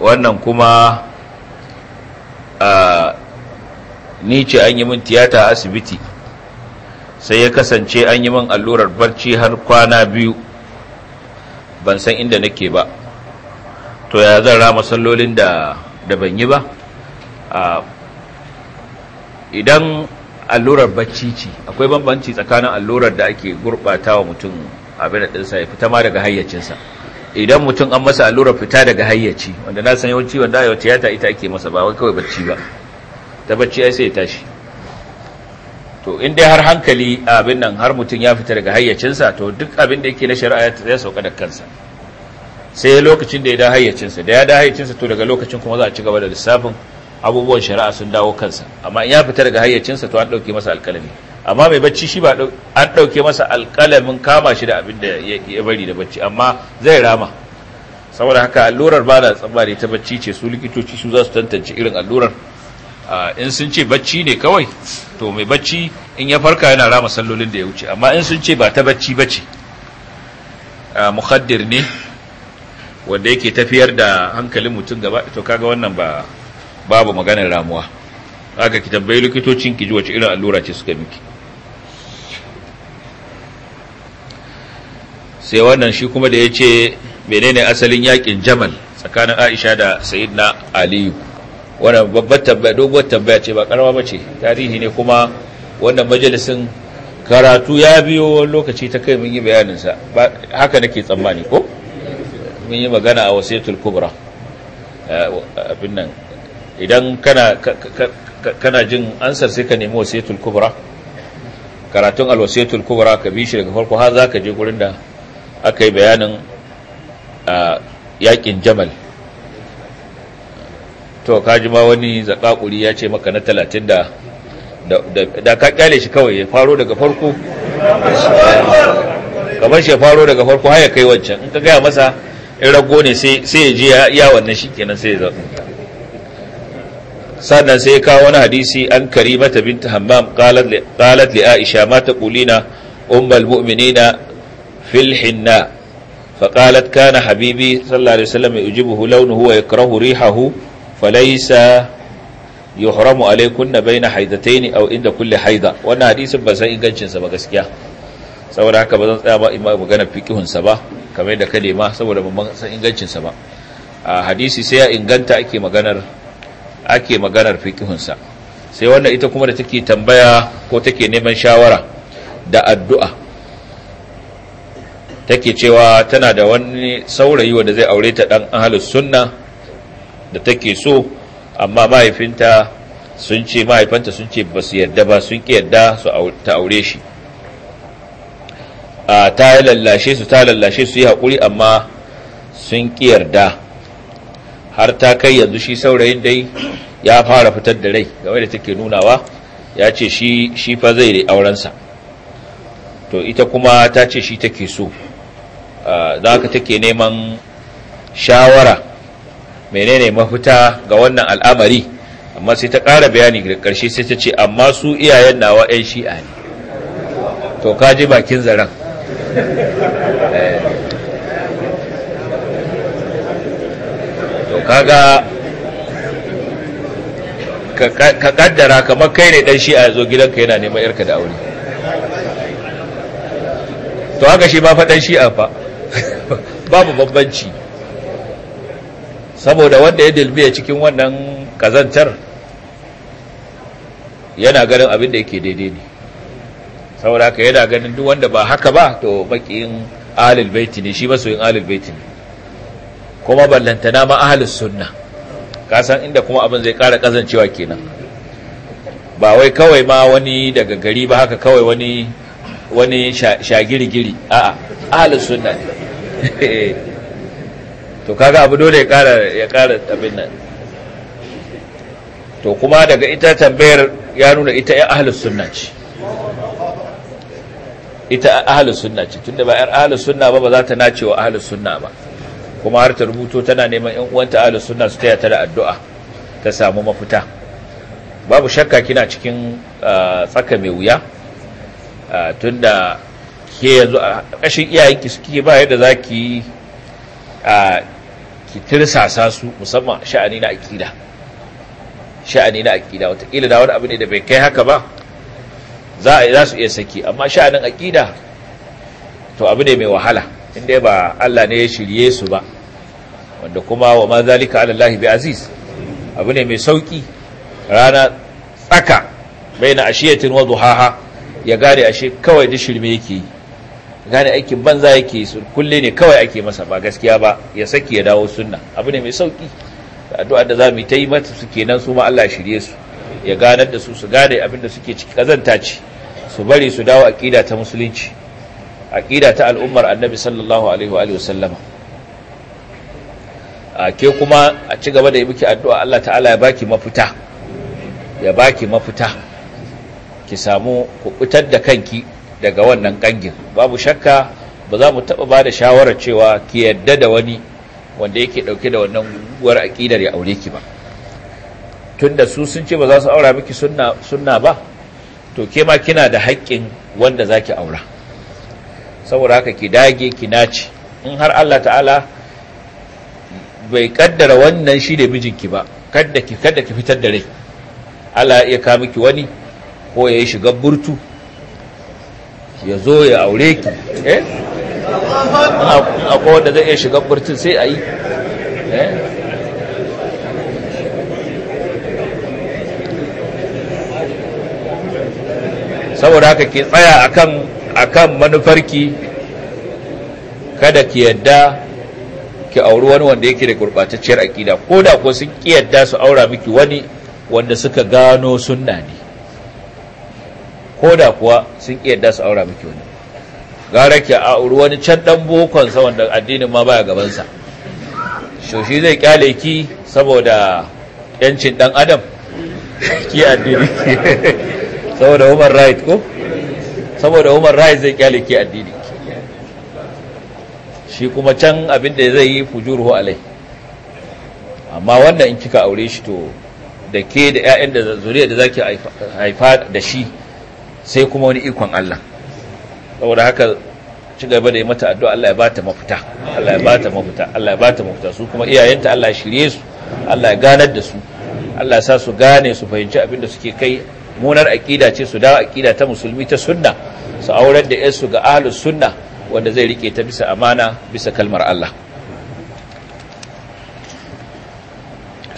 wannan kuma ni ce an yi min tiyata a asibiti sai ya kasance an yi min allurar barci har kwana biyu ban san inda nake ba to ya zan rama sallolin da ban yi ba idan allurar barci ce akwai bambanci tsakanin allurar da ake gurɓata wa mutum abin ɗinsa ya fita ma daga hayyacinsa idan mutum an masa allurar fita daga hayyaci wanda na san yawanci wanda yau tiyata ita ake masa ba wai kawai bacci ba ta bacci ai sai ya tashi to in dai har hankali abin nan har mutum ya fita daga hayyacinsa to duk abin da yake na shari'a ya sauka da kansa sai lokacin da ya da hayyacinsa da ya da hayyacinsa to daga lokacin kuma za a ci gaba da lissafin abubuwan shari'a sun dawo kansa amma in ya fita daga hayyacinsa to an ɗauke masa alkalami amma mai bacci shi ba an ɗauke masa alƙalamin kama shi da abin da ya bari da bacci amma zai rama saboda haka allurar ba da tsammani ta bacci ce su likitoci su za su tantance irin allurar in sun ce bacci ne kawai to mai bacci in ya farka yana rama sallolin da ya wuce amma in sun ce ba ta bacci ba ce muhaddir ne wanda yake tafiyar da hankalin mutum gaba to kaga wannan ba babu maganar ramuwa haka ki tambayi likitocin ki ji wace irin allura ce suka miki sai wannan shi kuma da ya ce menene asalin yakin jamal tsakanin aisha da sayidna aliyu wannan babbar tambaya doguwar tambaya ce ba karama ba ce tarihi ne kuma wannan majalisin karatu ya biyo lokaci ta kai mun yi bayaninsa haka nake tsammani ko mun yi magana a wasiyatul kubra eh, abin nan idan kana kana jin ansar sai ka nemi wasiyatul kubra karatun alwasiyatul kubra ka bi shi daga farko har zaka je gurin da aka yi bayanin yakin jamal to kaji ma wani zakakuri ya ce maka na talatin da da ka kyale shi kawai ya faro daga farko kamar shi ya faro daga farko haya kai wancan in ka gaya masa in rago ne sai ya ji ya wannan shi kenan sai ya zaɓi sannan sai ya kawo wani hadisi an karimata binta hammam qalat li aisha mata taqulina ummul mu'minina fil hinna faqalat kana habibi sallallahu alaihi wasallam yujibuhu launuhu wa yakrahu rihahu falaysa yuhramu alaykunna bayna inda kulli haida wannan hadisin ba san ingancin tsaya ba in magana fiqihun sa ba kamar ba a sai inganta ake maganar ake sai ita kuma da take tambaya ko take neman shawara da addu'a take cewa tana da wani saurayi wanda zai aure ta dan ahlus sunna da take so amma mahaifinta sun ce mahaifanta sun ce ba su yarda ba sun ki yarda su ta aure shi a ta lallashe su ta lallashe su yi hakuri amma sun ki yarda har ta kai yanzu shi saurayin dai ya fara fitar da rai game da take nunawa ya ce shi fa zai aurensa to ita kuma ta ce shi take so za ah, ka take neman shawara menene mafita ga wannan al'amari amma sai ta ƙara bayani da ƙarshe sai ta ce amma su iyayen nawa 'yan shi'a ne to ka ji bakin zaren eh. to kaga ka kaddara kamar kai ne dan shi'a zo gidanka yana neman yarka da aure to haka shi ba fa dan shi'a fa babu babbanci saboda wanda ya dilmiya cikin wannan kazantar yana ganin abin da yake daidai ne saboda haka yana ganin duk wanda ba haka ba to bakin ahlul baiti ne shi soyin ahlul baiti ne kuma ballantana ma ahlus sunna san inda kuma abin zai kara kazancewa kenan ba wai kawai ma wani daga gari ba haka kawai wani wani shagirigiri a'a ahlus sunna to kaga abu dole ya kara abin nan to kuma daga ita tambayar ya nuna ita ya ahalus sunna ce ita ahalus sunna ce tunda ba yar ahalus sunna ba ba za ta nace wa ahalus sunna ba kuma har ta rubuto tana neman yan uwanta ahalus sunna su taya ta da addu'a ta samu mafita babu shakka kina cikin ah, tsaka mai wuya ah, tunda ke yanzu a ƙashin iyayenki suke ba yadda za ki a ki tirsasa su musamman sha'ani na aƙida sha'ani na aƙida wataƙila da wani abu ne da bai kai haka ba za a su iya saki amma sha'anin aƙida to abu ne mai wahala inda ba Allah ne ya shirye su ba wanda kuma wa ma zalika alallahi Allah bi aziz abu ne mai sauki rana tsaka bai na ashiyatin wa duhaha ya gare ashe kawai da shirme yake yi gane aikin banza yake su kulle ne kawai ake masa ba gaskiya ba ya saki ya dawo sunna abu ne mai sauki addu'a da zamu ta yi mata su kenan su ma Allah shirye su ya ganar da su su gane abin da suke ciki kazanta ce su bari su dawo aqida ta musulunci aqida ta al'ummar annabi sallallahu alaihi wa sallama a ke kuma a ci gaba da yi miki addu'a Allah ta'ala ya baki mafita ya baki mafita ki samu ku kutar da kanki daga wannan kangin babu shakka ba za mu taɓa ba da shawarar cewa ki yadda da wani wanda yake ɗauke da wannan guguwar aƙidar ya aure ki ba Tunda su sun ce ba za su aura miki sunna ba to ke ma kina da haƙƙin wanda za ki aura saboda haka ki dage ki nace in har Allah ta'ala bai kaddara wannan shi da mijinki ba kada ki fitar da rai Allah ya kawo miki wani ko ya yi shiga burtu ya zo ya aure ki eh akwai wanda zai iya shiga burtun sai a yi eh? saboda haka ke tsaya akan akan manufarki kada ki yadda ki auri wani wanda yake da gurbatacciyar akida ko da ko sun ki yadda su aura miki wani wanda suka gano sunna ne ko da kuwa sun ƙi yadda su aura miki wani gara ke a wani can ɗan saman wanda addinin ma baya gabansa shoshi zai kyale ki saboda yancin ɗan adam ki addini saboda human right ko saboda human right zai kyale ki addini shi kuma can abin da zai yi ho alai amma wannan in kika aure shi to da ke da 'ya'yan da zuriya da zaki haifa da shi sai kuma wani ikon Allah saboda haka ci gaba da yi mata addu'a Allah ya ta mafita Allah ya ta mafita Allah ya ta mafita su kuma iyayenta Allah ya shirye su Allah ya ganar da su Allah ya sa su gane su fahimci abin da suke kai munar aƙida ce su dawo aƙida ta musulmi ta sunna su aurar da yarsu ga ahlus sunna wanda zai rike ta bisa amana bisa kalmar Allah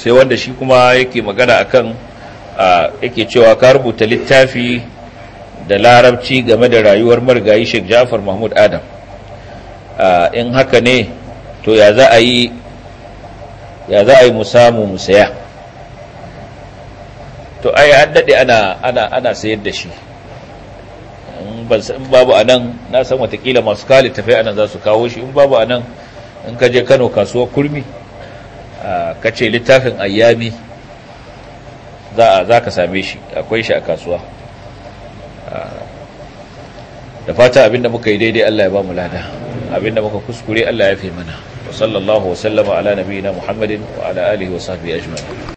sai wanda shi kuma yake magana akan yake cewa ka rubuta littafi da larabci game da rayuwar marigayi Sheikh Ja'far Mahmud Adam in haka ne to ya za a yi ya za a yi mu samu mu saya to ai an dade ana ana ana sayar da shi in babu anan na san watakila masu kali tafai anan za su kawo shi in babu anan in ka je Kano kasuwar kurmi ka ce littafin ayyami za ka same shi akwai shi a kasuwa da fata abinda muka yi daidai Allah ya ba mu lada abinda muka kuskure Allah ya fi mana wa sallallahu wa ala nabiyina muhammadin wa ala alihi wa sahbihi ajma'in